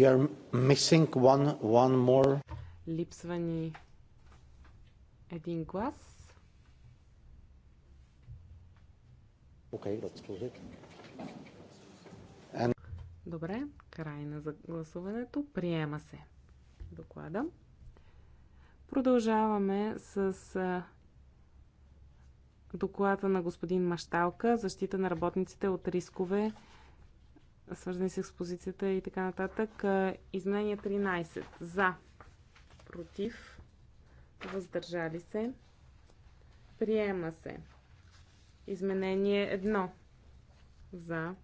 We are missing one, one more. Липсва ни един глас. Okay, let's it. And... Ами- Добре, край на гласуването. Приема се доклада. Продължаваме с доклада на господин Машталка, защита на работниците от рискове, свързани с експозицията и така нататък. Изменение 13. За против, въздържали се, приема се. Изменение 1 за,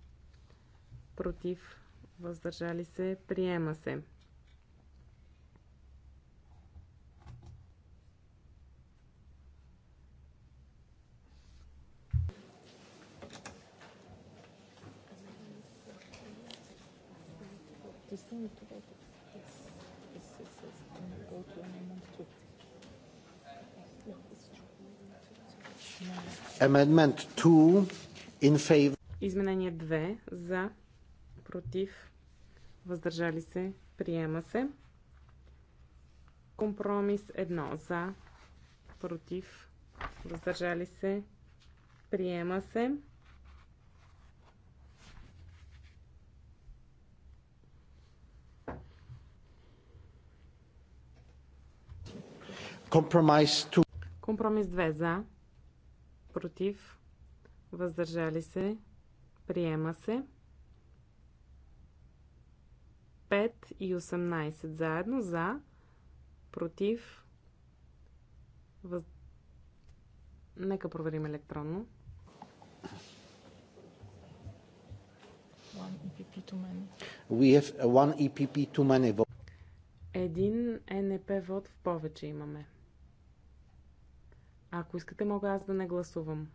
против, въздържали се, приема се. Ти си ми това. Amendment 2 in favor. Изменение 2 за, против, въздържали се, приема се. Компромис 1 за, против, въздържали се, приема се. Компромис 2. Компромис 2 за, против, въздържали се, приема се. 5 и 18 заедно за, против, въз... Нека проверим електронно. E e Един НП вод в повече имаме. Ако искате, мога аз да не гласувам.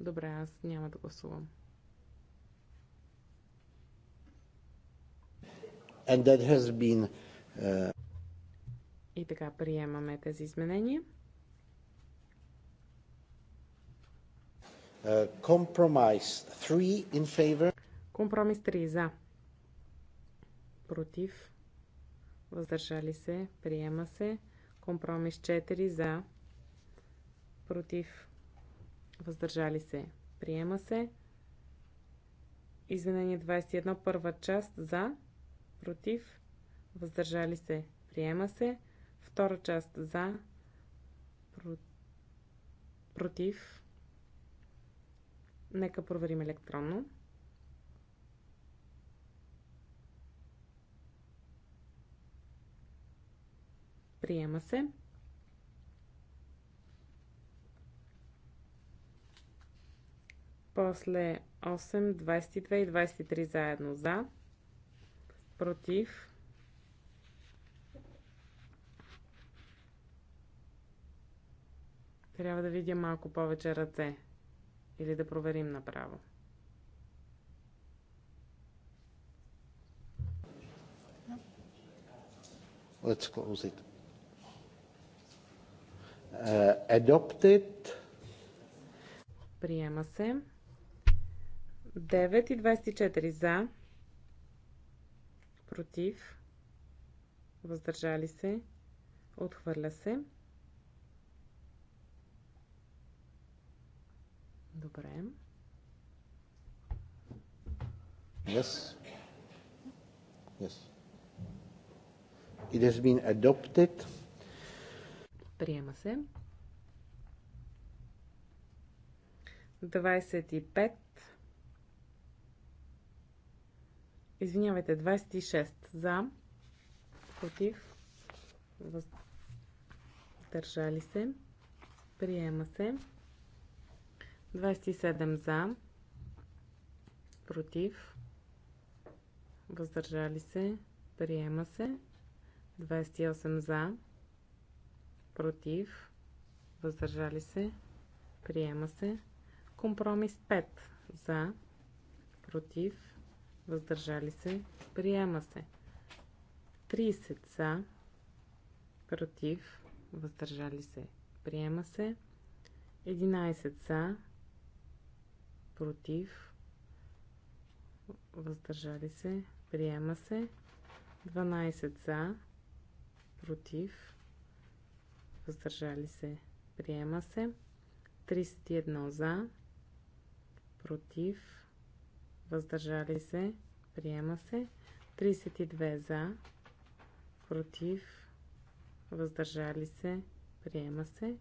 Добре, аз няма да гласувам. And that has been, uh... И така приемаме тези изменения. Uh, 3 in favor. Компромис 3 за. Против. Въздържали се. Приема се. Компромис 4 за против, въздържали се, приема се. Извинение 21, първа част за, против, въздържали се, приема се. Втора част за, про... против. Нека проверим електронно. Приема се. После 8, 22 и 23 заедно за. Против. Трябва да видя малко повече ръце. Или да проверим направо. Let's close it. Uh, adopted. Приема се. 9 и 24 за, против, въздържали се, отхвърля се. Добре. Yes. Yes. It has been adopted. Приема се. 25 Извинявайте, 26 за, против, въздържали се, приема се. 27 за, против, въздържали се, приема се. 28 за, против, въздържали се, приема се. Компромис 5 за, против, въздържали се, приема се. 30 са, против, въздържали се, приема се. 11 са, против, въздържали се, приема се. 12 за, против, въздържали се, приема се. 31 за, против, въздържали се, приема се. 32 за, против, въздържали се, приема се.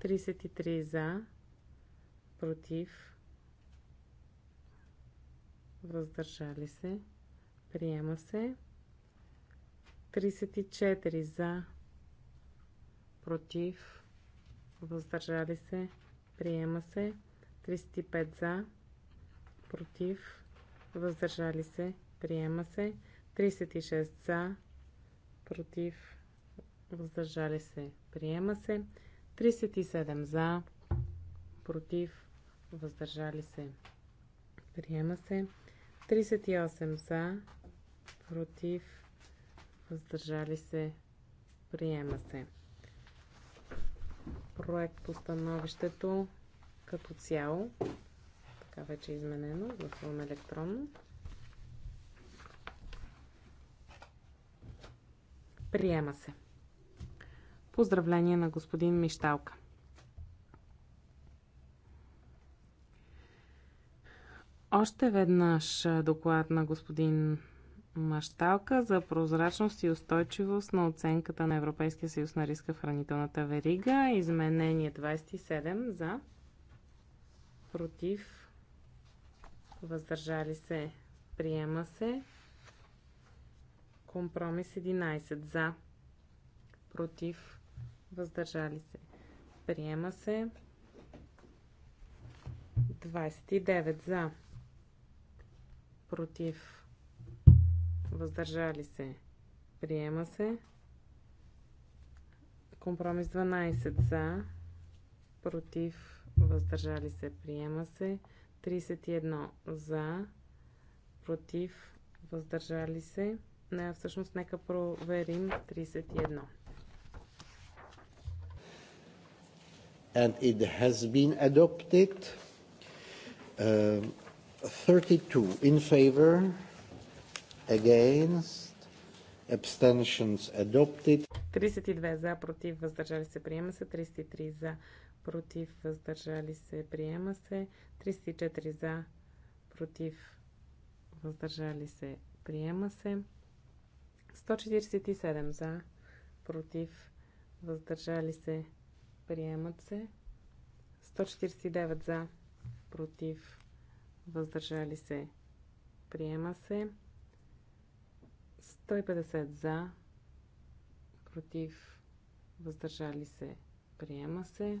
33 за, против, въздържали се, приема се. 34 за, против, въздържали се, приема се. 35 за, против, въздържали се, приема се. 36 за, против, въздържали се, приема се. 37 за, против, въздържали се, приема се. 38 за, против, въздържали се, приема се. Проект по становището като цяло. Така вече е изменено. Гласуваме електронно. Приема се. Поздравление на господин Мишталка. Още веднъж доклад на господин Мащалка за прозрачност и устойчивост на оценката на Европейския съюз на риска в хранителната верига. Изменение 27 за против въздържали се, приема се. Компромис 11 за, против, въздържали се, приема се. 29 за, против, въздържали се, приема се. Компромис 12 за, против, въздържали се, приема се. 31 за, против, въздържали се. Не, всъщност нека проверим 31. And it has been adopted. Uh, 32 in favor, against, abstentions adopted. 32 за, против, въздържали се, приема се. 33 за, против, въздържали се, приема се. 304 за, против, въздържали се, приема се. 147 за, против, въздържали се, приемат се. 149 за, против, въздържали се, приема се. 150 за, против, въздържали се, приема се.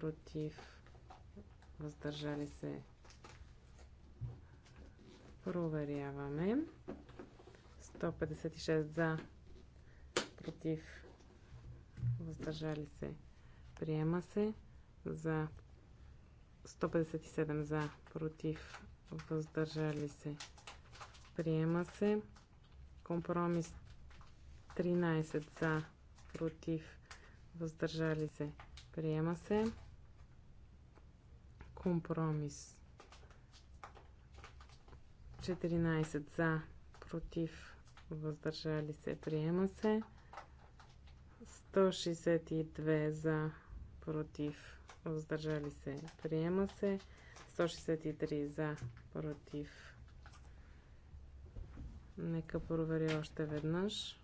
против, въздържали се. Проверяваме. 156 за, против, въздържали се. Приема се за 157 за, против, въздържали се. Приема се. Компромис 13 за, против, въздържали се. Приема се компромис. 14 за, против, въздържали се, приема се. 162 за, против, въздържали се, приема се. 163 за, против. Нека проверя още веднъж.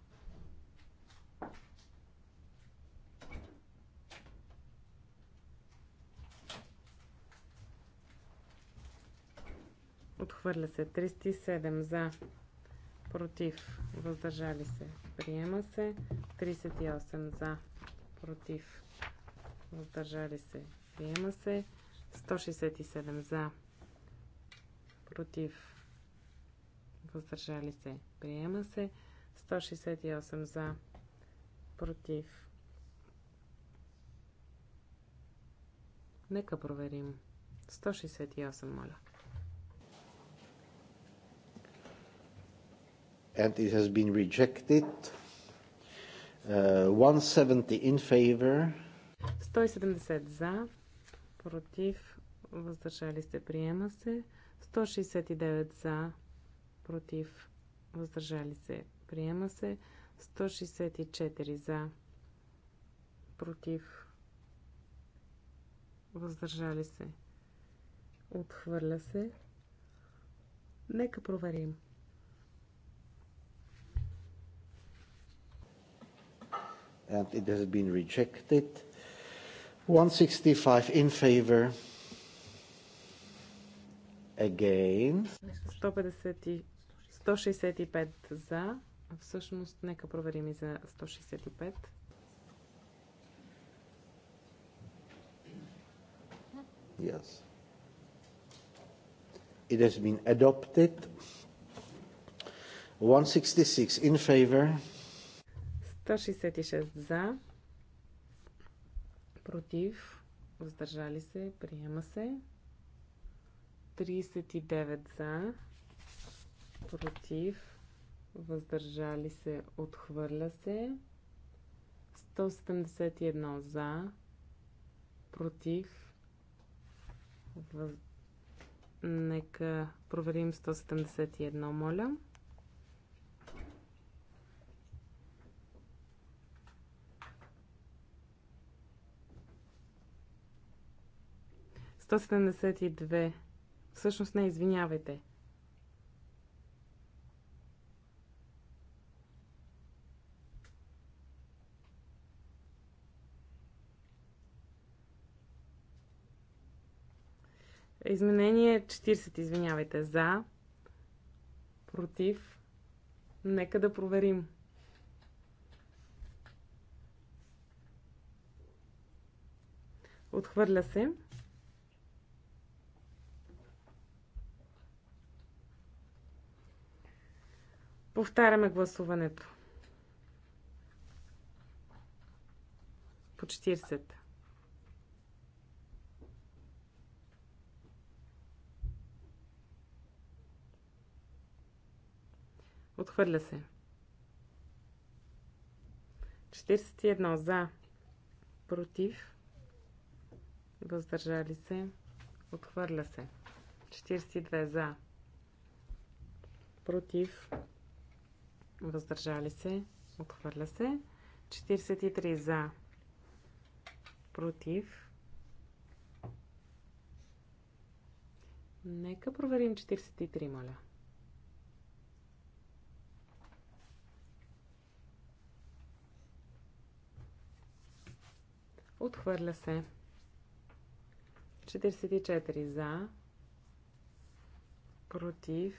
Отхвърля се. 307 за. Против. Въздържали се. Приема се. 38 за. Против. Въздържали се. Приема се. 167 за. Против. Въздържали се. Приема се. 168 за. Против. Нека проверим. 168, моля. and it has been rejected. Uh, 170 in favor. 170 за, против, въздържали се, приема се. 169 за, против, въздържали се, приема се. 164 за, против, въздържали се, отхвърля се. Нека проверим. and it has been rejected. 165 in favor. Again. 165 за. Всъщност, нека проверим и за 165. Yes. It has been adopted. 166 in favor 166 за, против, въздържали се, приема се. 39 за, против, въздържали се, отхвърля се. 171 за, против, въз... нека проверим 171, моля. 172. Всъщност не, извинявайте. Изменение 40, извинявайте. За, против, нека да проверим. Отхвърля се. Повтаряме гласуването. По 40. Отхвърля се. 41 за. Против. Въздържали се. Отхвърля се. 42 за. Против въздържали се, отхвърля се. 43 за, против. Нека проверим 43, моля. Отхвърля се. 44 за, против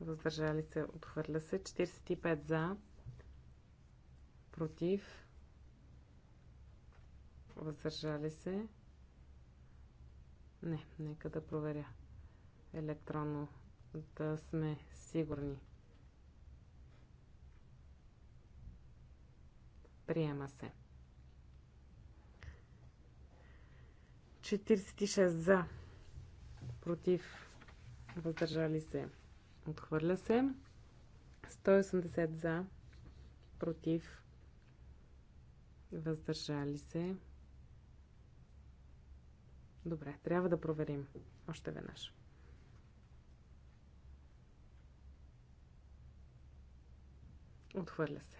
въздържали се, отхвърля се. 45 за, против, въздържали се. Не, нека да проверя електронно, да сме сигурни. Приема се. 46 за, против, въздържали се. Отхвърля се. 180 за. Против. Въздържали се. Добре, трябва да проверим още веднъж. Отхвърля се.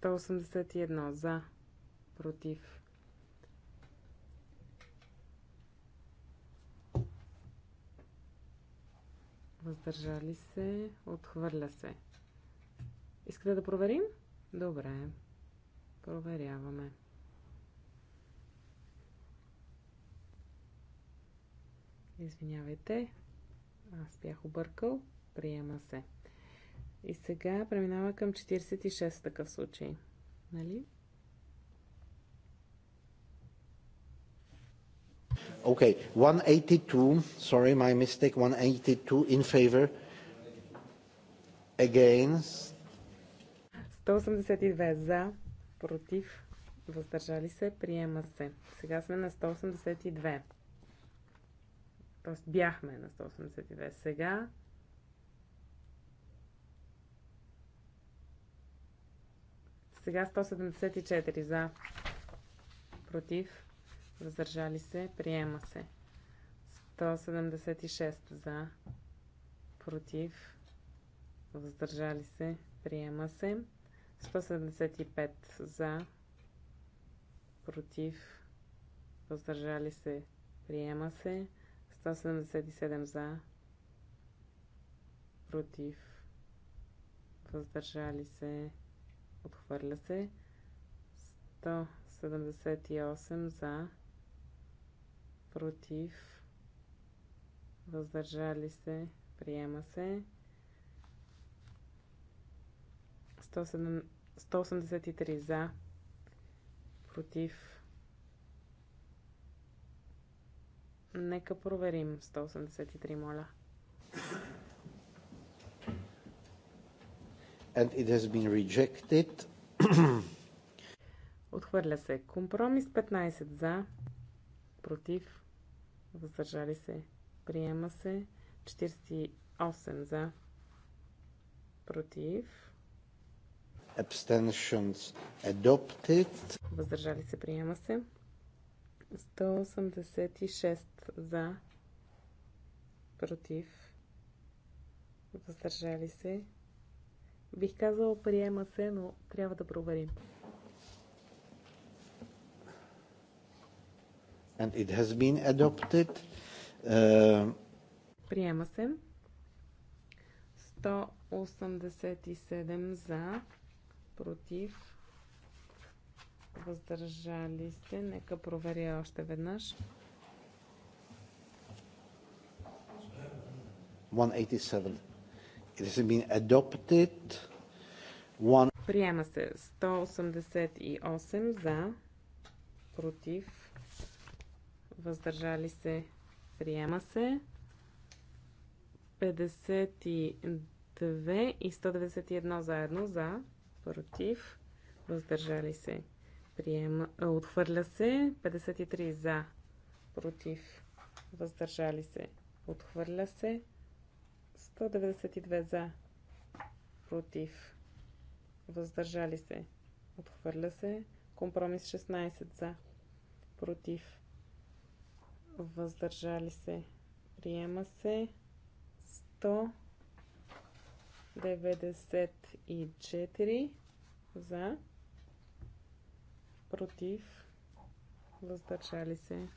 181 за, против Въздържали се. Отхвърля се. Искате да проверим? Добре. Проверяваме. Извинявайте. Аз бях объркал. Приема се. И сега преминава към 46 такъв случай. Нали? Okay, 182, sorry, my mistake, 182 in favor, against. 182 за, против, въздържали се, приема се. Сега сме на 182. Тоест бяхме на 182. Сега Сега 174 за, против, въздържали се, приема се. 176 за, против, въздържали се, приема се. 175 за, против, въздържали се, приема се. 177 за, против, въздържали се, отхвърля се. 178 за, против, въздържали се, приема се. 183 за, против. Нека проверим 183, моля. And it has been rejected. Отхвърля се. Компромис 15 за, против, въздържали се, приема се. 48 за, против. Abstentions adopted. Въздържали се, приема се. 186 за, против. Въздържали се. Бих казал, приема се, но трябва да проверим. and it has been adopted. Uh... Приема се. 187 за, против, въздържали се. Нека проверя още веднъж. 187. It has been adopted. One... Приема се 188 за, против, въздържали се, приема се. 52 и 191 заедно за, против, въздържали се, приема, отхвърля се. 53 за, против, въздържали се, отхвърля се. 192 за, против, въздържали се, отхвърля се. Компромис 16 за, против, въздържали се, приема се. 194 за, против, въздържали се,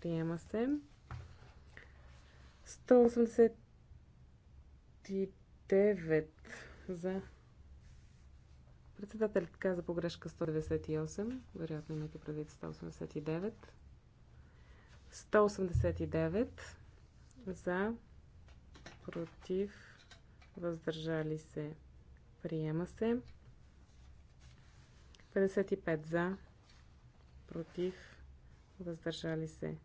приема се. 189 за. Председателят каза погрешка 198, вероятно имате предвид 189. 189 за, против, въздържали се, приема се. 55 за, против, въздържали се,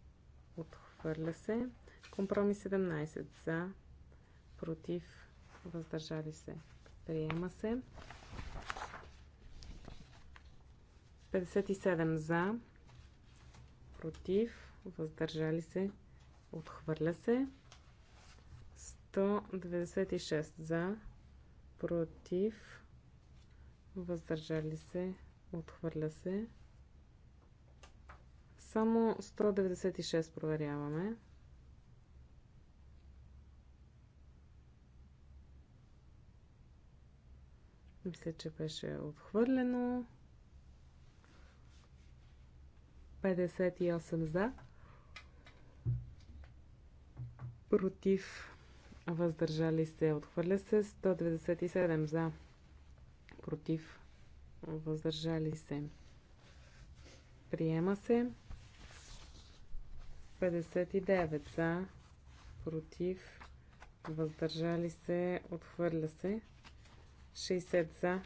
отхвърля се. Компромис 17 за, против, въздържали се, приема се. 57 за, против, въздържали се, отхвърля се. 196 за, против, въздържали се, отхвърля се. Само 196 проверяваме. Мисля, че беше отхвърлено. 58 за, против, въздържали се, отхвърля се 197 за, против, въздържали се, приема се 59 за, против, въздържали се, отхвърля се 60 за,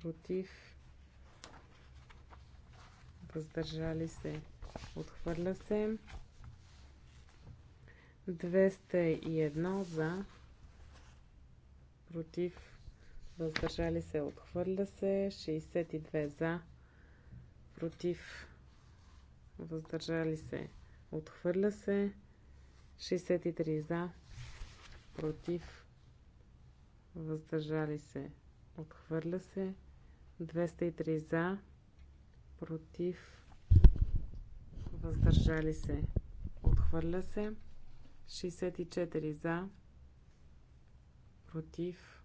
против, въздържали се, отхвърля се 201 за, против, въздържали се, отхвърля се, 62 за, против, въздържали се, отхвърля се, 63 за, против, въздържали се, отхвърля се, 203 за, против, въздържали се, отхвърля се. 64 за, против,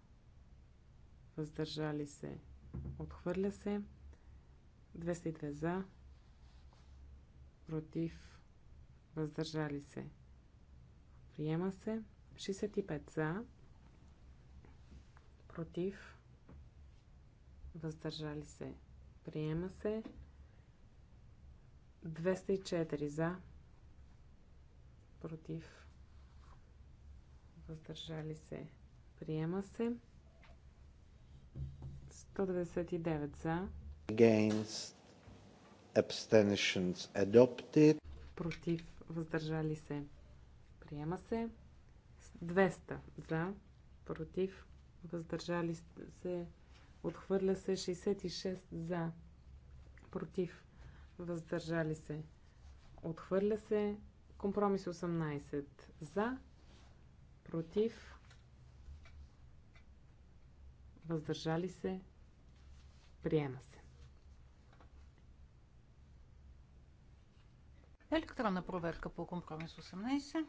въздържали се, отхвърля се. 202 за, против, въздържали се, приема се. 65 за, против, въздържали се, приема се. 204 за, против, въздържали се, приема се. 199 за. Against abstentions adopted. Против, въздържали се, приема се. 200 за, против, въздържали се, отхвърля се 66 за, против, въздържали се, отхвърля се, компромис 18 за, против, въздържали се, приема се. Електронна проверка по компромис 18.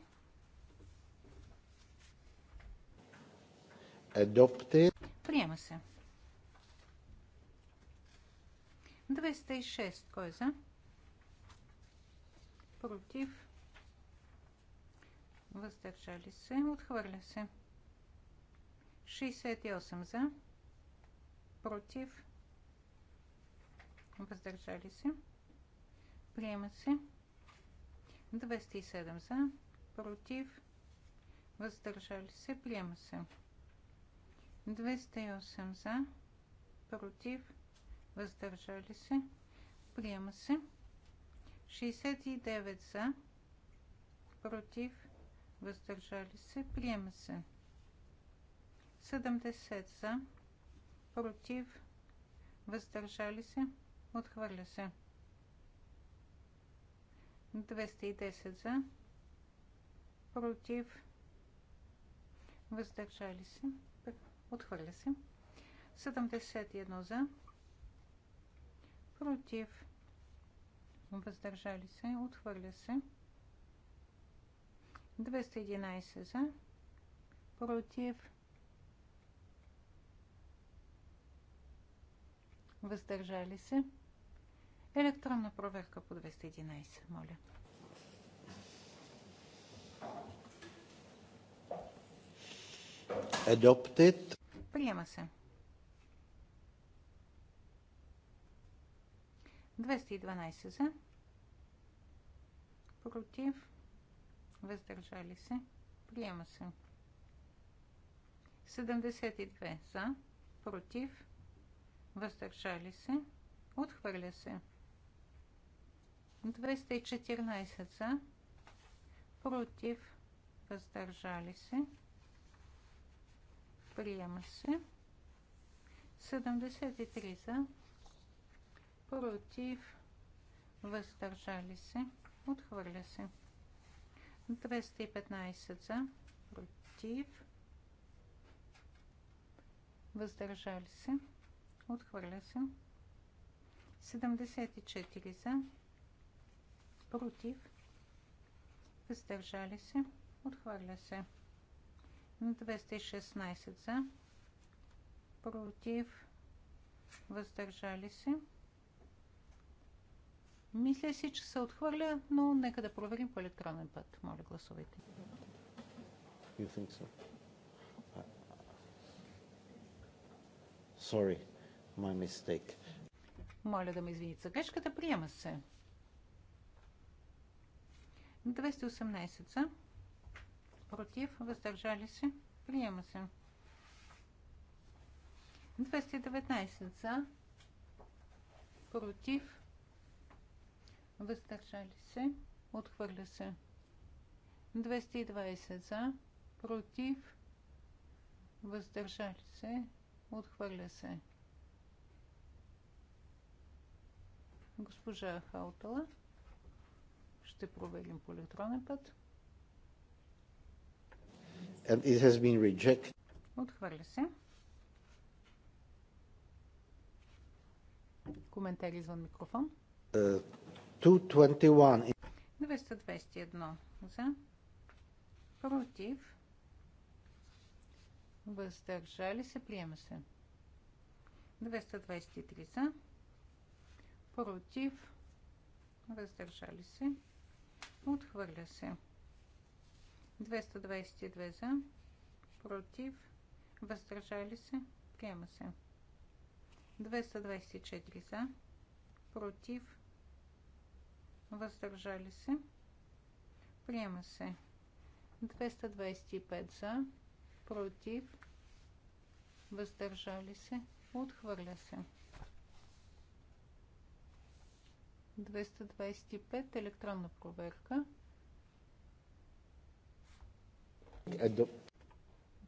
Adopted. Приема се. 206. Кой е за? Против въздържали се, отхвърля се. 68 за, против, въздържали се, приема се. 207 за, против, въздържали се, приема се. 208 за, против, въздържали се, приема се. 69 за, против, въздържали се, приема се. 70 за, против, въздържали се, отхвърля се. 210 за, против, въздържали се, отхвърля се. 71 за, против, въздържали се, отхвърля се. 211 за, против, въздържали се. Електронна проверка по 211, моля. Adopted. Приема се. 212 за. Против въздържали се, приема се. 72 за, против, въздържали се, отхвърля се. 214 за, против, въздържали се, приема се. 73 за, против, въздържали се, отхвърля се. 215 за, против, въздържали се, отхвърля се. 74 за, против, въздържали се, отхвърля се. 216 за, против, въздържали се, мисля си, че се отхвърля, но нека да проверим по електронен път. Моля, гласувайте. You think so? Sorry, my mistake. Моля да ме извините за грешката. Приема се. 218 за. Против. Въздържали се. Приема се. 219 за. Против въздържали се, отхвърля се. 220 за, против, въздържали се, отхвърля се. Госпожа Хаутала, ще проверим по електронен път. And it has been rejected. Отхвърля се. Коментари извън микрофон. Uh... 221. 221 за. Против. Въздържали се. Приема се. 223 за. Против. Въздържали се. Отхвърля се. 222 за. Против. Въздържали се. Приема се. 224 за. Против въздържали се. Приема се. 225 за, против, въздържали се, отхвърля се. 225 електронна проверка.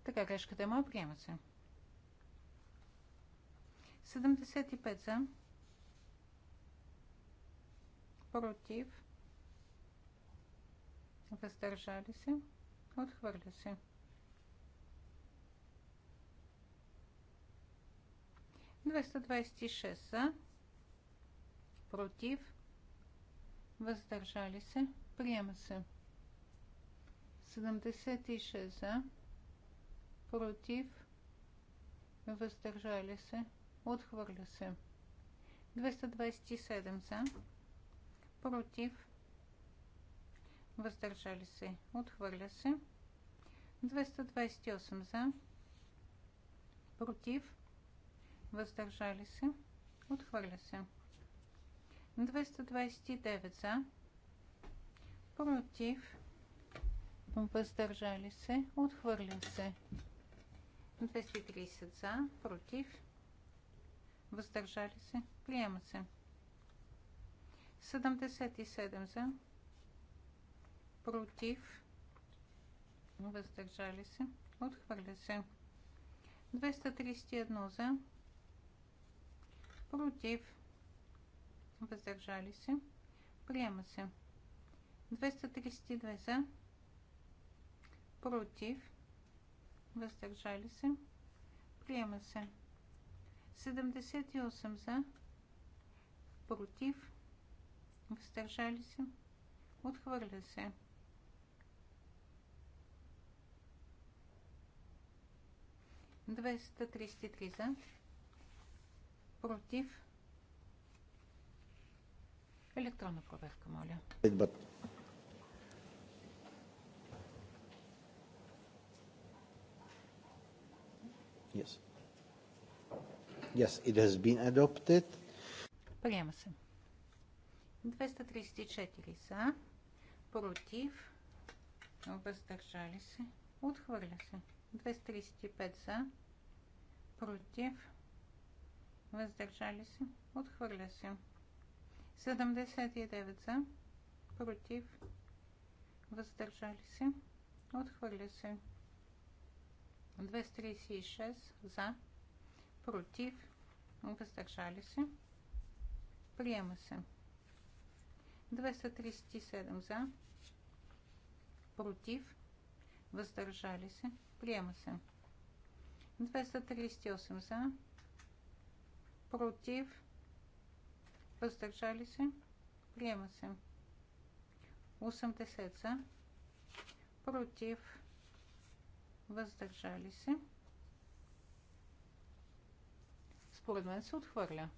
Така, грешката е моя, приема се. 75 за, против, въздържали се, отхвърля се. Двеста двадесет за, против, въздържали се, приема се. 76 за, против, въздържали се, отхвърля се. 227 за, против, въздържали се, отхвърля се. 228 за, против, въздържали се, отхвърля се. 229 за, против, въздържали се, отхвърля се. 230 за, против, въздържали се, приема се. 77 за, против, въздържали се, отхвърля се. 231 за, против, въздържали се, приема се. 232 за, против, въздържали се, приема се. 78 за, против, въздържали се, отхвърля се. Двеста за, против, електронна проверка, моля. Yes. Yes, it has been adopted. Приема се. 234 за, против, въздържали се, отхвърля се. 235 за, против, въздържали се, отхвърля се. 79 за, против, въздържали се, отхвърля се. 236 за, против, въздържали се, приема се. 237 за, против, въздържали се, приема се. 238 за, против, въздържали се, приема се. 80 за, против, въздържали се. Според мен се отхвърля.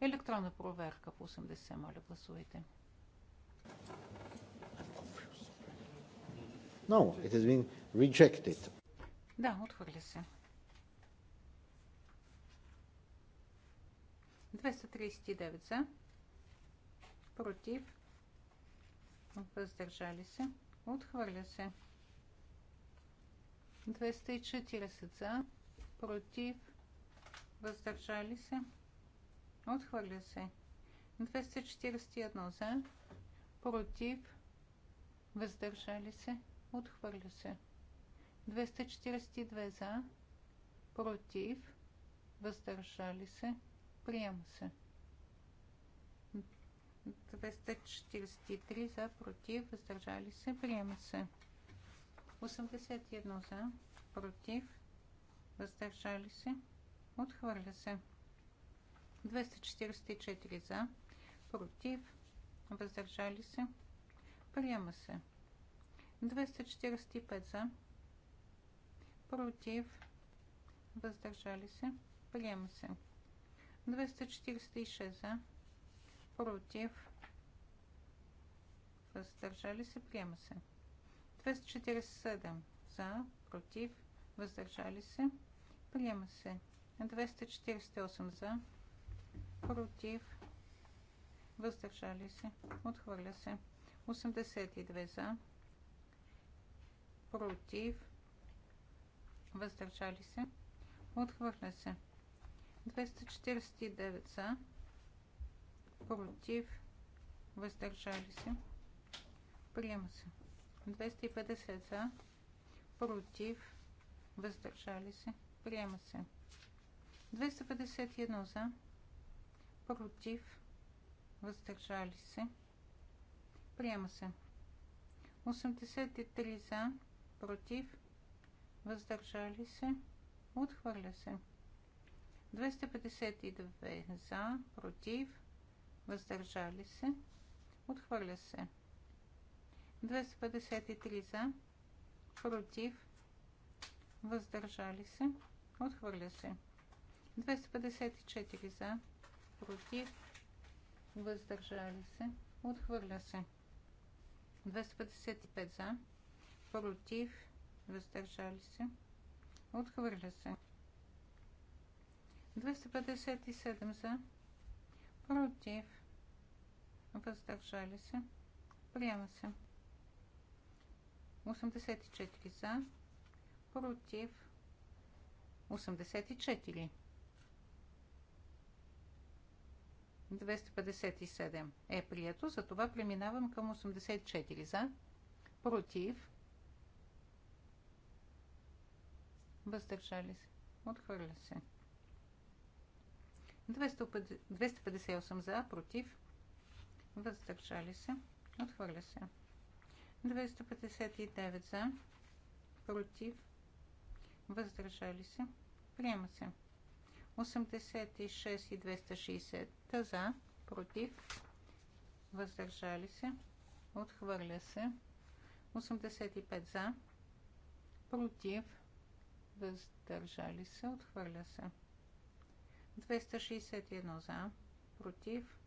Електронна проверка по 80, моля гласувайте. No, it has been rejected. Да, отхвърля се. 239 за. Против. Въздържали се. Отхвърля се. 240 за. Против. Въздържали се. Отхвърля се. 241 за против, въздържали се, отхвърля се. 242 за, против, въздържали се, приема се. 243 за, против, въздържали се, приема се. 81 за, против, въздържали се, отхвърля се. 244 за, против, въздържали се, приема се. 245 за, против, въздържали се, приема се. 246 за, против, въздържали се, приема се. 247 за, против, въздържали се, приема се. 248 за, против, въздържали се, отхвърля се. 82 за, против, въздържали се, отхвърля се. 249 за, против, въздържали се, приема се. 250 за, против, въздържали се, приема се. 251 за, против, въздържали се, приема се. 83 за, против, въздържали се, отхвърля се. 252 за, против, въздържали се, отхвърля се. 253 за, против, въздържали се, отхвърля се. 254 за, против, въздържали се, отхвърля се. 255 за, против, въздържали се, отхвърля се. 257 за, против, въздържали се, приема се. 84 за, против, 84. 257 е прието, затова преминавам към 84 за, против, въздържали се, отхвърля се. 258 за, против, въздържали се, отхвърля се. 259 за, против, въздържали се, приема се. 86 и 260 за, против, въздържали се, отхвърля се. 85 за, против, въздържали се, отхвърля се. 261 за, против,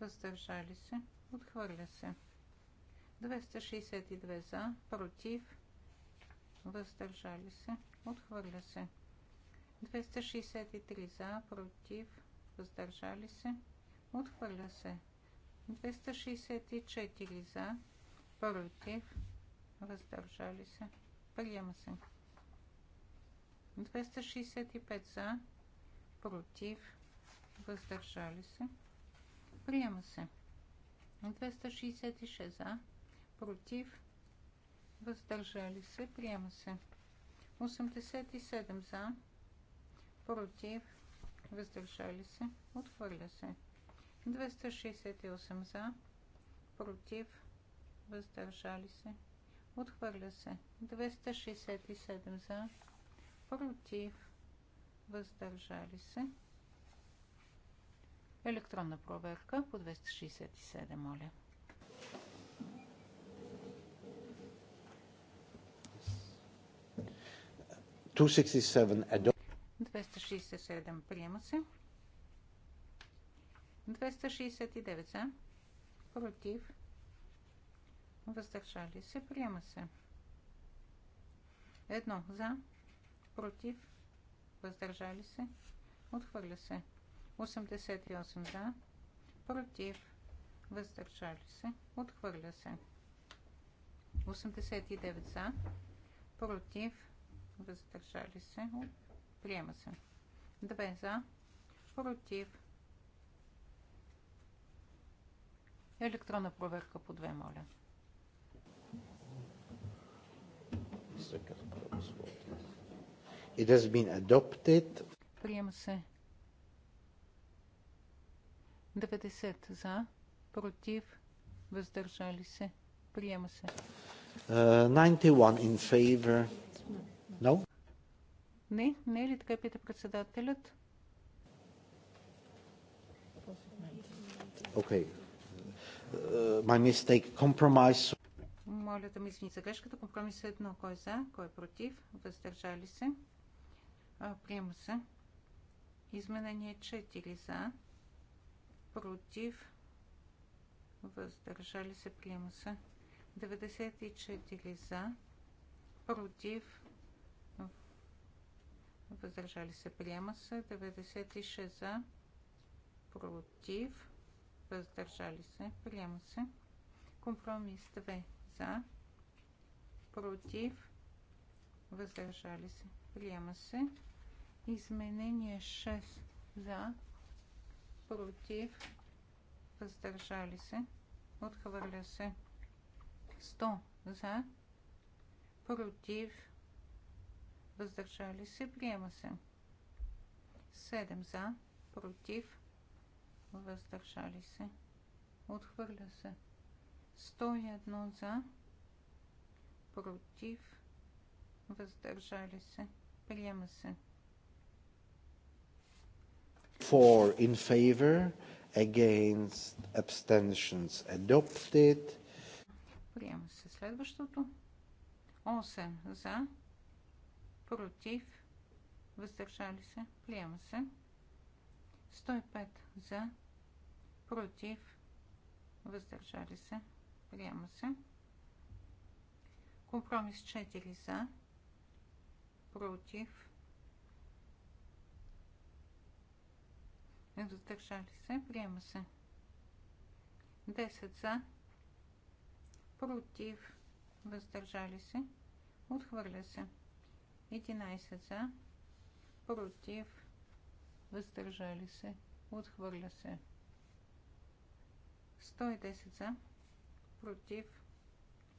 въздържали се, отхвърля се. 262 за, против, въздържали се, отхвърля се. 263 за, против, въздържали се, отхвърля се. 264 за, против, въздържали се, приема се. 265 за, против, въздържали се, приема се. 266 за, против, въздържали се, приема се. 87 за, против, въздържали се, отхвърля се. 268 за, против, въздържали се, отхвърля се. 267 за, против, въздържали се. Електронна проверка по 267, моля. 267 приема се. 269 за. Против. Въздържали се. Приема се. Едно за. Против. Въздържали се. Отхвърля се. 88 за. Против. Въздържали се. Отхвърля се. 89 за. Против. Въздържали се. Приема се. Две за. Против. Електронна проверка по две, моля. It has been adopted. Приема се. 90 за. Против. Въздържали се. Приема се. Uh, 91 in favor не, не е ли така, пита председателят? Окей. Okay. Uh, Моля да ми извини за грешката. Компромис е едно. Кой е за, кой е против, въздържали се. Приема се. Изменение 4 за, против, въздържали се, приема се. 94 за, против, въздържали се, приема се. 96 за, против, въздържали се, приема се. Компромис 2 за, против, въздържали се, приема се. Изменение 6 за, против, въздържали се, отхвърля се. 100 за, против, въздържали се, приема се. 7 за, против, въздържали се, отхвърля се. 101 за, против, въздържали се, приема се. 4 in favor, against abstentions adopted. Приема се следващото. 8 за, против, въздържали се, приема се. 105 за, против, въздържали се, приема се. Компромис 4 за, против, въздържали се, приема се. 10 за, против, въздържали се, отхвърля се. 11 за, против, въздържали се, отхвърля се. 110 за, против,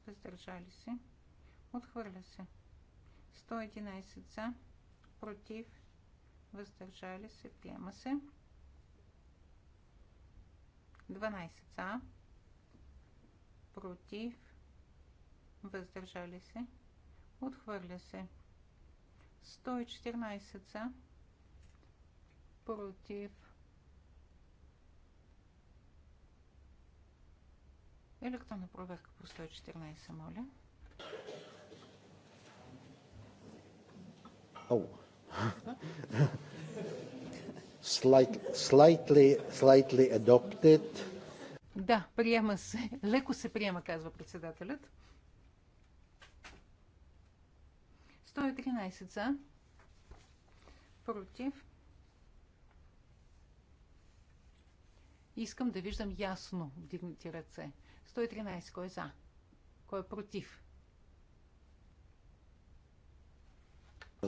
въздържали се, отхвърля се. 111 за, против, въздържали се, приема се. 12 за, против, въздържали се, отхвърля се. 114 са против. Електронна проверка по 114, моля. Oh. slightly, slightly adopted. Да, приема се. Леко се приема, казва председателят. 113 за, против. Искам да виждам ясно вдигнати ръце. 113. Кой е за? Кой е против? So,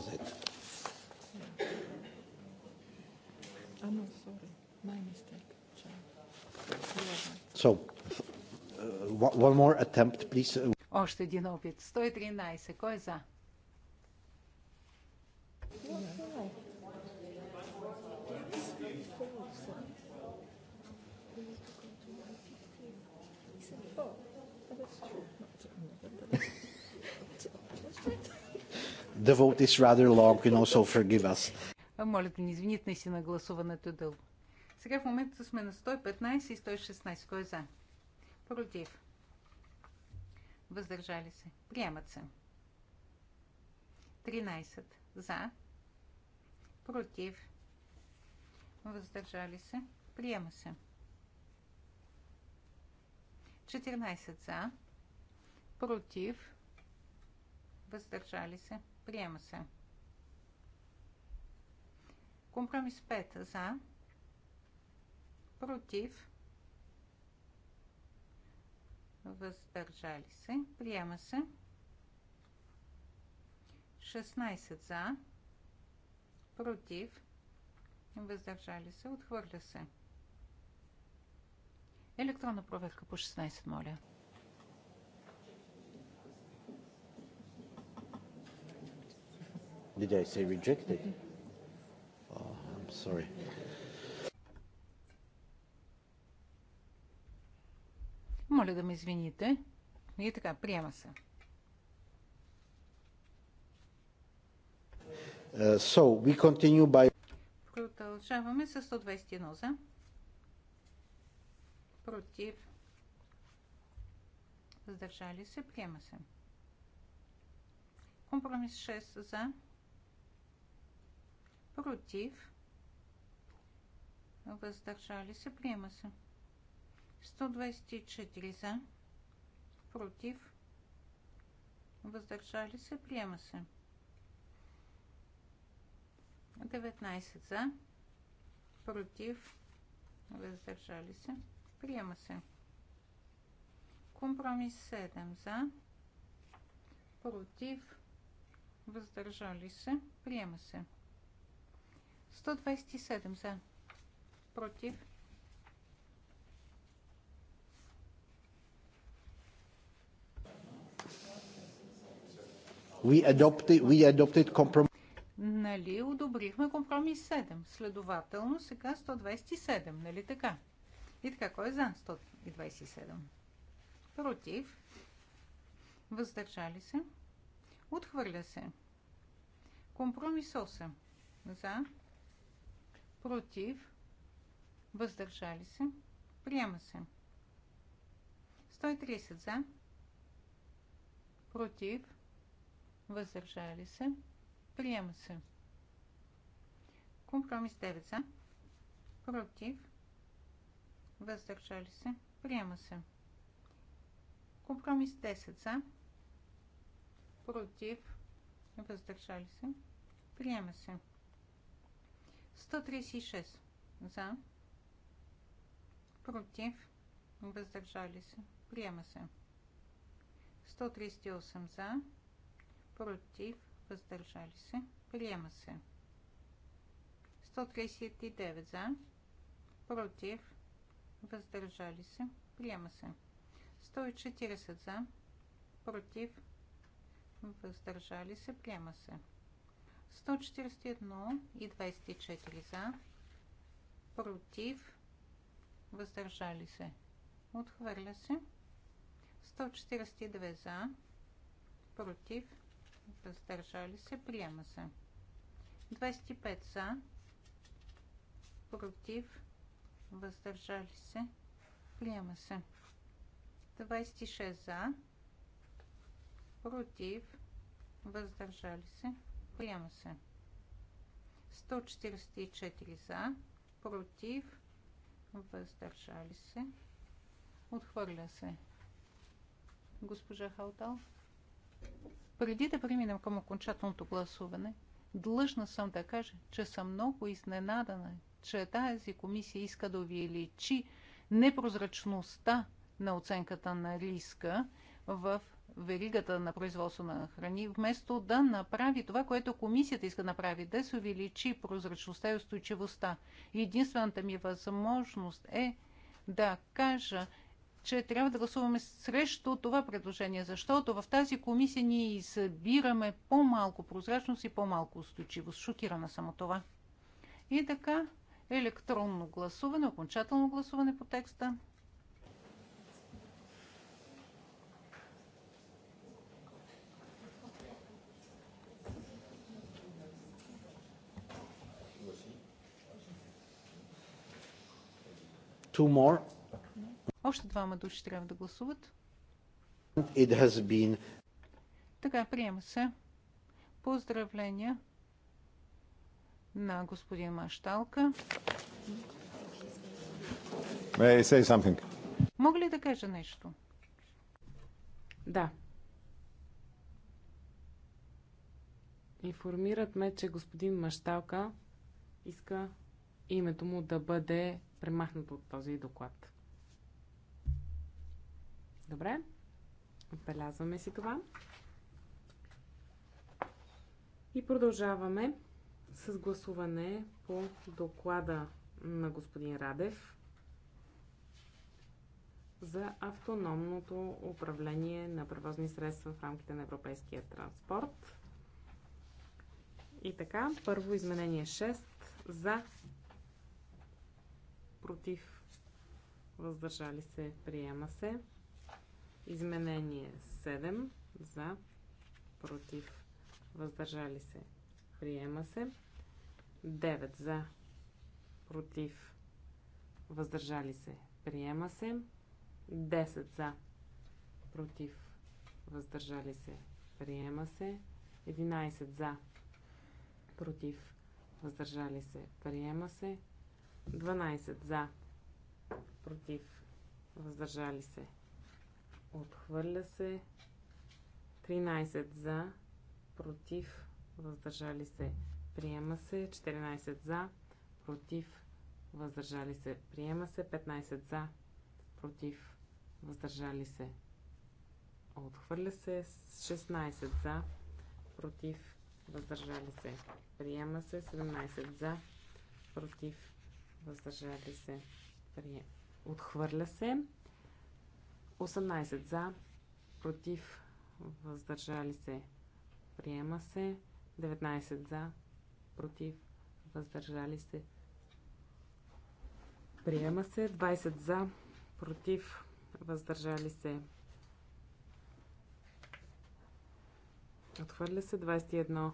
uh, one more attempt, please. Още един опит. 113. Кой е за? The vote is rather long, and also forgive us. Моля да ни извините, наистина гласуването е дълго. Сега в момента сме на 115 и 116. Кой е за? Против. Въздържали се. Приемат се. 13 за против, въздържали се, приема се. 14 за, против, въздържали се, приема се. Компромис 5 за, против, въздържали се, приема се. 16 за, против, въздържали се, отхвърля се. Електронна проверка по 16, моля. Did I say rejected? Oh, I'm sorry. Моля да ме извините. И така, приема се. Uh, so we continue by... Продължаваме с 121 за. Против. Въздържали се. Приема се. Компромис 6 за. Против. Въздържали се. Приема се. 124 за. Против. Въздържали се. Приема се. 19 за, против, въздържали се, приема се. Компромис 7 за, против, въздържали се, приема се. 127 за, против, We adopted, we adopted Нали одобрихме компромис 7. Следователно сега 127. Нали така? И така, кой е за 127? Против. Въздържали се. Отхвърля се. Компромис 8. За. Против. Въздържали се. Приема се. 130 за. Против. Въздържали се. Приема се. Компромис 9 за. Против. Въздържали се. Приема се. Компромис 10 за. Против. Въздържали се. Приема се. 136 за. Против. Въздържали се. Приема се. 138 за. Против въздържали се, приема се. 139 за, против, въздържали се, приема се. 140 за, против, въздържали се, приема се. 141 и 24 за, против, въздържали се, отхвърля се. 142 за, против, въздържали се, приема се. 25 за, против, въздържали се, приема се. 26 за, против, въздържали се, приема се. 144 за, против, въздържали се, отхвърля се. Госпожа Халтал. Преди да преминем към окончателното гласуване, длъжна съм да кажа, че съм много изненадана, че тази комисия иска да увеличи непрозрачността на оценката на риска в веригата на производство на храни, вместо да направи това, което комисията иска да направи, да се увеличи прозрачността и устойчивостта. Единствената ми възможност е да кажа, че трябва да гласуваме срещу това предложение, защото в тази комисия ние избираме по-малко прозрачност и по-малко устойчивост. Шокирана само това. И така, електронно гласуване, окончателно гласуване по текста. Two more. Още двама души трябва да гласуват. It has been... Така, приема се. Поздравления на господин Машталка. May I say something? Мога ли да кажа нещо? Да. Информират ме, че господин Машталка иска името му да бъде премахнато от този доклад. Добре. Отбелязваме си това. И продължаваме с гласуване по доклада на господин Радев за автономното управление на превозни средства в рамките на европейския транспорт. И така, първо изменение 6 за против въздържали се, приема се. Изменение 7 за, против, въздържали се, приема се. 9 за, против, въздържали се, приема се. 10 за, против, въздържали се, приема се. 11 за, против, въздържали се, приема се. 12 за, против, въздържали се, Отхвърля се. 13 за. Против. Въздържали се. Приема се. 14 за. Против. Въздържали се. Приема се. 15 за. Против. Въздържали се. Отхвърля се. 16 за. Против. Въздържали се. Приема се. 17 за. Против. Въздържали се. Отхвърля се. 18 за, против, въздържали се, приема се. 19 за, против, въздържали се, приема се. 20 за, против, въздържали се. Отхвърля се 21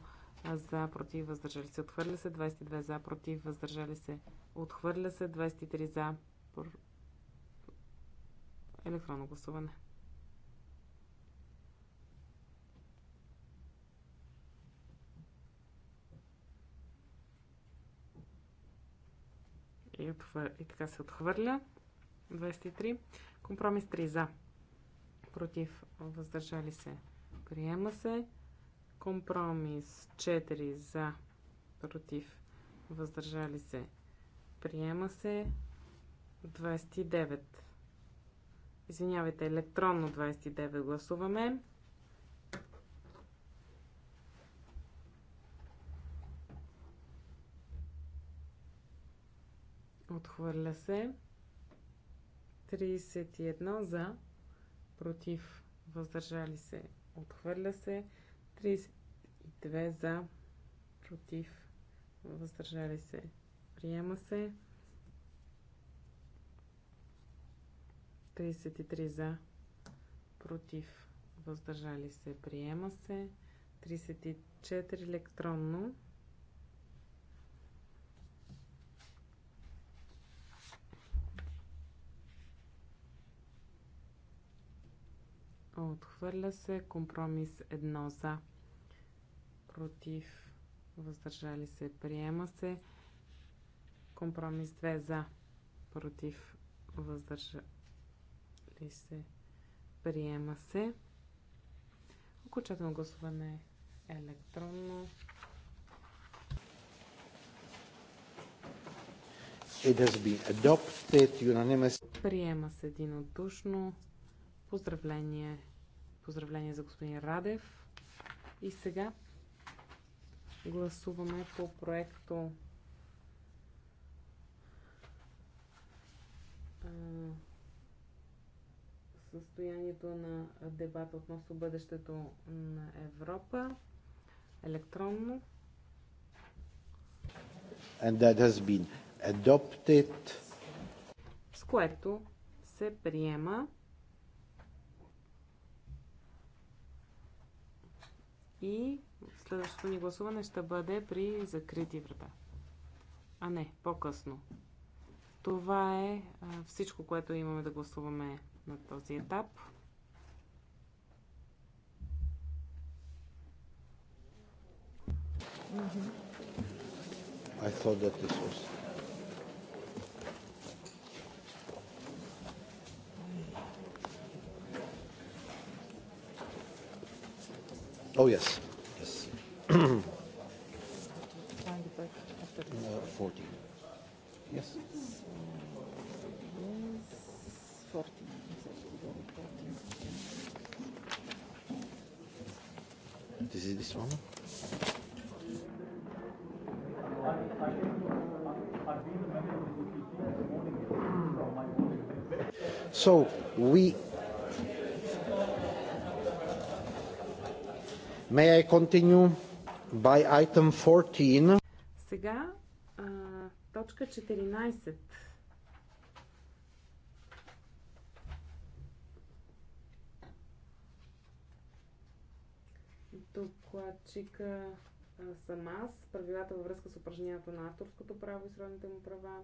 за, против, въздържали се. Отхвърля се 22 за, против, въздържали се. Отхвърля се 23 за, Електронно гласуване. И, отвър... и така се отхвърля. 23. Компромис 3 за. Против. Въздържали се. Приема се. Компромис 4 за. Против. Въздържали се. Приема се. 29 Извинявайте, електронно 29 гласуваме. Отхвърля се. 31 за. Против. Въздържали се. Отхвърля се. 32 за. Против. Въздържали се. Приема се. 33 за, против, въздържали се, приема се. 34 електронно. Отхвърля се. Компромис 1 за. Против. Въздържали се. Приема се. Компромис 2 за. Против. Въздържа ли се, приема се. Окончателно гласуване е електронно. It Приема се единодушно. Поздравление. Поздравление за господин Радев. И сега гласуваме по проекто състоянието на дебата относно бъдещето на Европа електронно. And that has been adopted. С което се приема и следващото ни гласуване ще бъде при закрити врата. А не, по-късно. Това е всичко, което имаме да гласуваме на този етап. I thought that this was. Oh yes, yes. Find the back after. Uh, Fourteen. Yes. This is this one. So we may I continue by item 14. Сега а, точка 14. Докладчика съм аз. Правилата във връзка с упражнението на авторското право и сродните му права,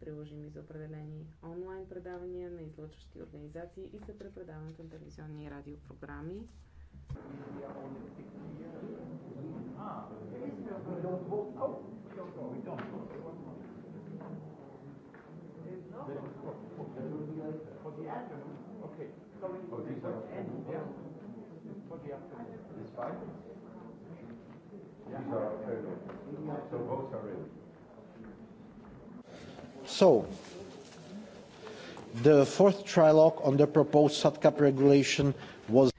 приложими за определени онлайн предавания на излъчващи организации и за препредаването на телевизионни и радиопрограми. Okay. So Uh, so the fourth trilogue on the proposed SATCAP regulation was...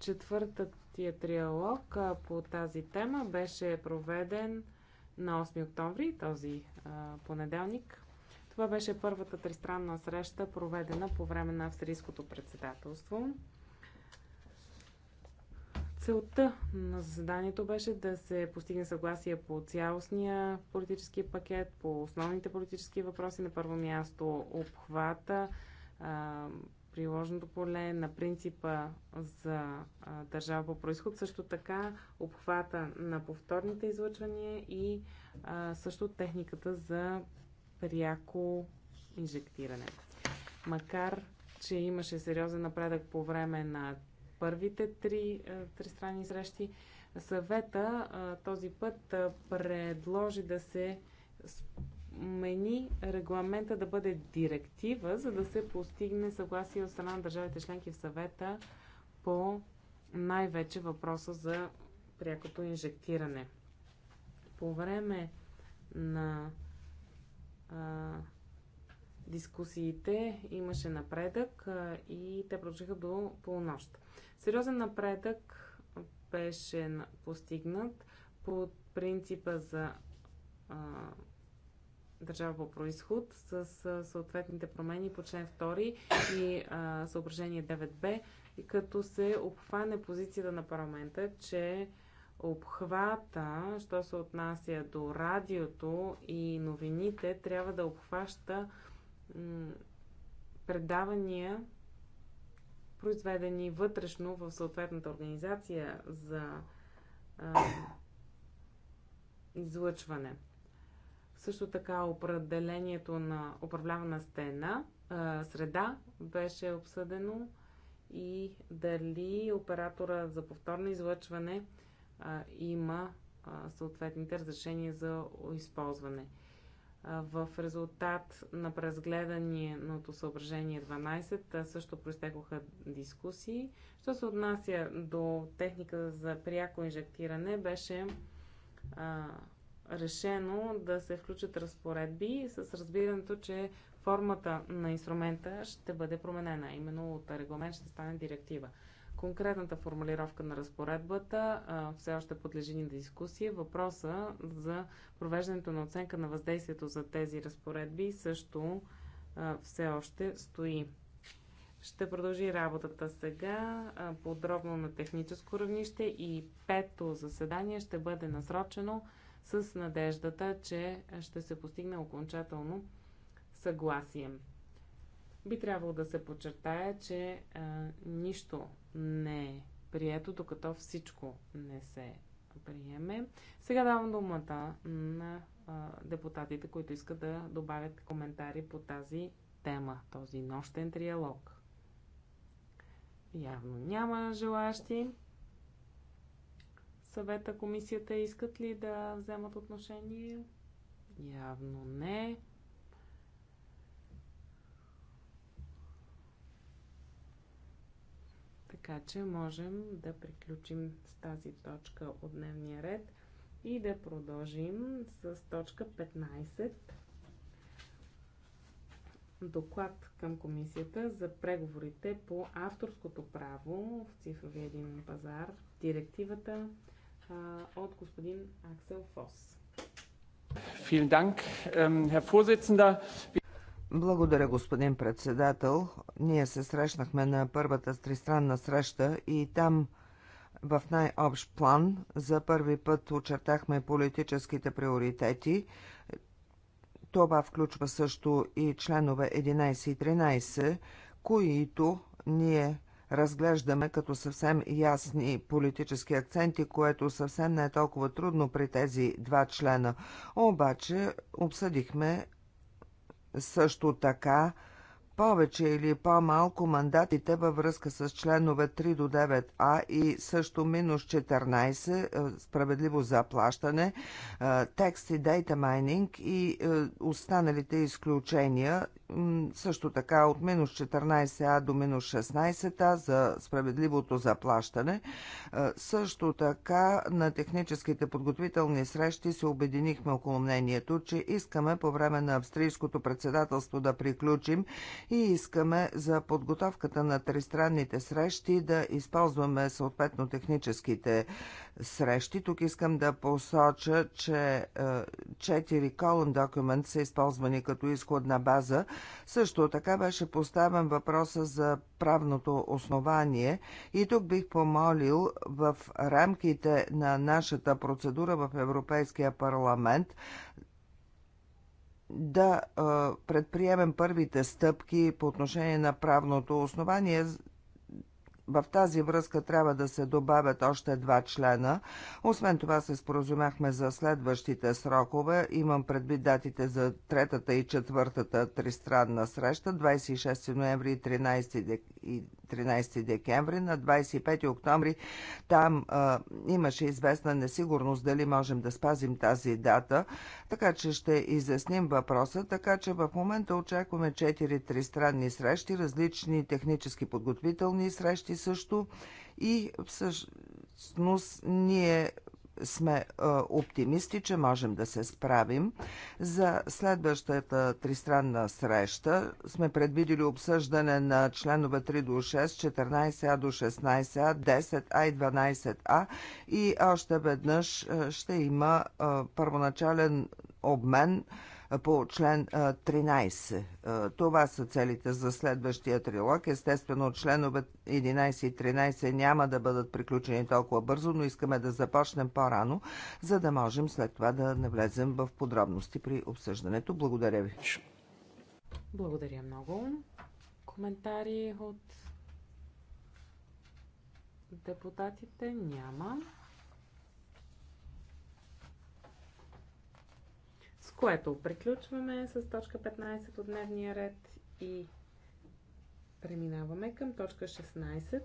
Четвъртия триалог по тази тема беше проведен на 8 октомври, този понеделник. Това беше първата тристранна среща, проведена по време на австрийското председателство. Целта на заседанието беше да се постигне съгласие по цялостния политически пакет, по основните политически въпроси. На първо място обхвата, приложното поле на принципа за държава по происход, също така обхвата на повторните излъчвания и също техниката за пряко инжектиране. Макар, че имаше сериозен напредък по време на първите три е, тристранни срещи. Съвета е, този път е, предложи да се мени регламента да бъде директива, за да се постигне съгласие от страна на държавите членки в съвета по най-вече въпроса за прякото инжектиране. По време на а, дискусиите имаше напредък и те продължиха до полунощ. Сериозен напредък беше постигнат по принципа за а, държава по происход с, съответните промени по член 2 и а, съображение 9b, като се обхване позицията на парламента, че обхвата, що се отнася до радиото и новините, трябва да обхваща предавания, произведени вътрешно в съответната организация за а, излъчване. Също така определението на управлявана стена, а, среда беше обсъдено и дали оператора за повторно излъчване а, има а, съответните разрешения за използване. В резултат на преразгледаното съображение 12 също проистекоха дискусии. Що се отнася до техника за пряко инжектиране, беше а, решено да се включат разпоредби с разбирането, че формата на инструмента ще бъде променена. Именно от регламент ще стане директива. Конкретната формулировка на разпоредбата а, все още подлежи на дискусия. Въпроса за провеждането на оценка на въздействието за тези разпоредби също а, все още стои. Ще продължи работата сега а, подробно на техническо равнище и пето заседание ще бъде насрочено с надеждата, че ще се постигне окончателно съгласие. Би трябвало да се подчертая, че а, нищо не е прието, докато всичко не се приеме. Сега давам думата на а, депутатите, които искат да добавят коментари по тази тема, този нощен триалог. Явно няма желащи. Съвета, комисията искат ли да вземат отношение? Явно не. Така че можем да приключим с тази точка от дневния ред и да продължим с точка 15. Доклад към комисията за преговорите по авторското право в цифровия един пазар, директивата а, от господин Аксел Фос. Ähm, Благодаря, господин председател ние се срещнахме на първата тристранна среща и там в най-общ план за първи път очертахме политическите приоритети. Това включва също и членове 11 и 13, които ние разглеждаме като съвсем ясни политически акценти, което съвсем не е толкова трудно при тези два члена. Обаче обсъдихме също така повече или по-малко мандатите във връзка с членове 3 до 9а и също минус 14 е, справедливо заплащане, е, текст и дейта майнинг и е, останалите изключения също така от минус 14А до минус 16А за справедливото заплащане. Е, също така на техническите подготвителни срещи се обединихме около мнението, че искаме по време на австрийското председателство да приключим и искаме за подготовката на тристранните срещи да използваме съответно техническите срещи. Тук искам да посоча, че е, четири колон документ са използвани като изходна база. Също така беше поставен въпроса за правното основание и тук бих помолил в рамките на нашата процедура в Европейския парламент да е, предприемем първите стъпки по отношение на правното основание, в тази връзка трябва да се добавят още два члена. Освен това се споразумяхме за следващите срокове. Имам предвид датите за третата и четвъртата тристранна среща 26 ноември и 13 декември. 13 декември, на 25 октомври. Там а, имаше известна несигурност дали можем да спазим тази дата, така че ще изясним въпроса, така че в момента очакваме 4 тристранни срещи, различни технически подготвителни срещи също и всъщност ние сме оптимисти, че можем да се справим. За следващата тристранна среща сме предвидили обсъждане на членове 3 до 6, 14А до 16А, 10А и 12А и още веднъж ще има първоначален обмен по член 13. Това са целите за следващия трилог. Естествено, членове 11 и 13 няма да бъдат приключени толкова бързо, но искаме да започнем по-рано, за да можем след това да навлезем в подробности при обсъждането. Благодаря ви. Благодаря много. Коментари от депутатите няма. което приключваме с точка 15 от дневния ред и преминаваме към точка 16.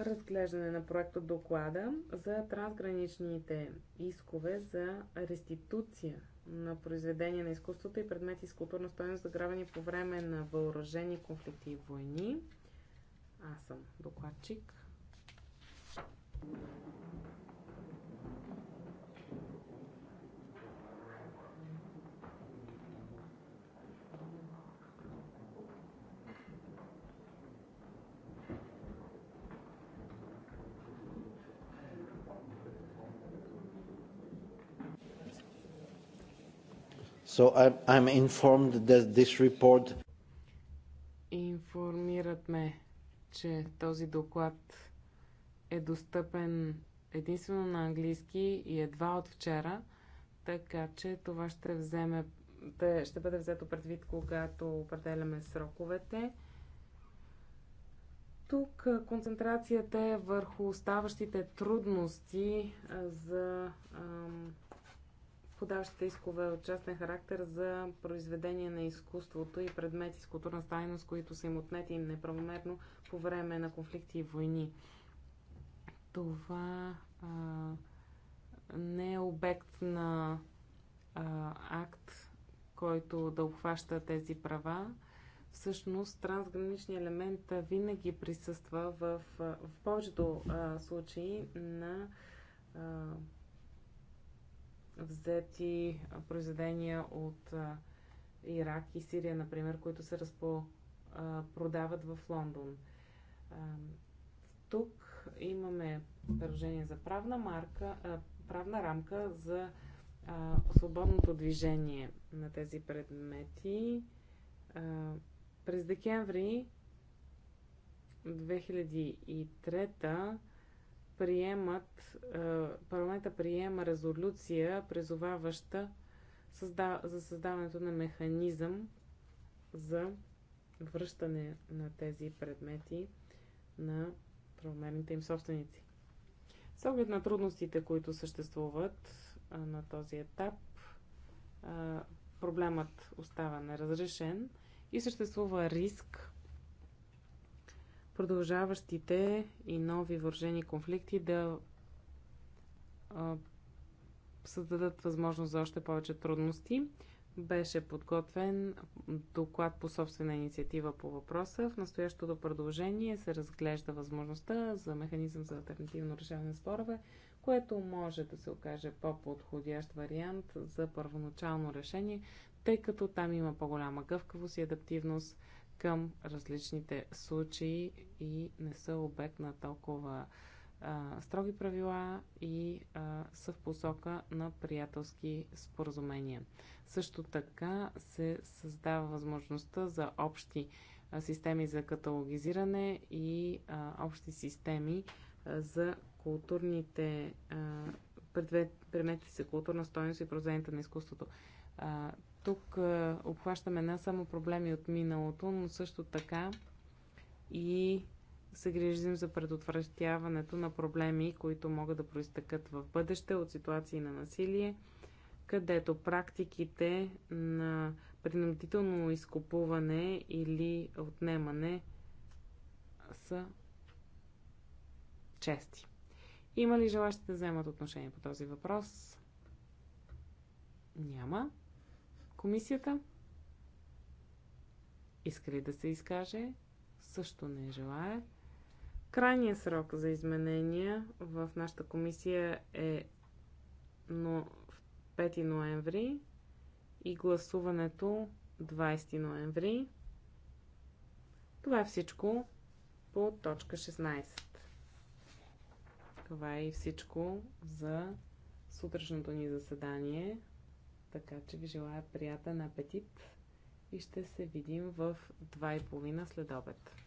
Разглеждане на проекта доклада за трансграничните искове за реституция на произведения на изкуството и предмети с културна стоеност, загравени по време на въоръжени конфликти и войни. Аз съм докладчик. So I am informed that this report... Информират ме, че този доклад е достъпен единствено на английски и едва от вчера, така че това ще вземе ще бъде взето предвид, когато определяме сроковете. Тук концентрацията е върху оставащите трудности за подаващите искове от частен характер за произведения на изкуството и предмети с културна стайност, които са им отнети неправомерно по време на конфликти и войни. Това а, не е обект на а, акт, който да обхваща тези права. Всъщност, трансграничният елемент винаги присъства в, в повечето а, случаи на а, взети произведения от Ирак и Сирия, например, които се разпо, продават в Лондон. Тук имаме предложение за правна, марка, правна рамка за свободното движение на тези предмети. През декември 2003 приемат, е, парламента приема резолюция, призоваваща за създаването на механизъм за връщане на тези предмети на правомерните им собственици. С оглед на трудностите, които съществуват е, на този етап, е, проблемът остава неразрешен и съществува риск продължаващите и нови въоръжени конфликти да а, създадат възможност за още повече трудности. Беше подготвен доклад по собствена инициатива по въпроса. В настоящото продължение се разглежда възможността за механизъм за альтернативно решаване на спорове, което може да се окаже по-подходящ вариант за първоначално решение, тъй като там има по-голяма гъвкавост и адаптивност към различните случаи и не са обект на толкова а, строги правила и а, са в посока на приятелски споразумения. Също така се създава възможността за общи а, системи за каталогизиране и а, общи системи а, за културните а, предмети за културна стойност и произведените на изкуството. А, тук е, обхващаме не само проблеми от миналото, но също така и се грижим за предотвратяването на проблеми, които могат да проистъкат в бъдеще от ситуации на насилие, където практиките на принудително изкупуване или отнемане са чести. Има ли желащите да вземат отношение по този въпрос? Няма. Комисията иска ли да се изкаже? Също не желая. Крайният срок за изменения в нашата комисия е 5 ноември и гласуването 20 ноември. Това е всичко по точка 16. Това е и всичко за сутрешното ни заседание. Така че ви желая приятен апетит и ще се видим в 2.30 след обед.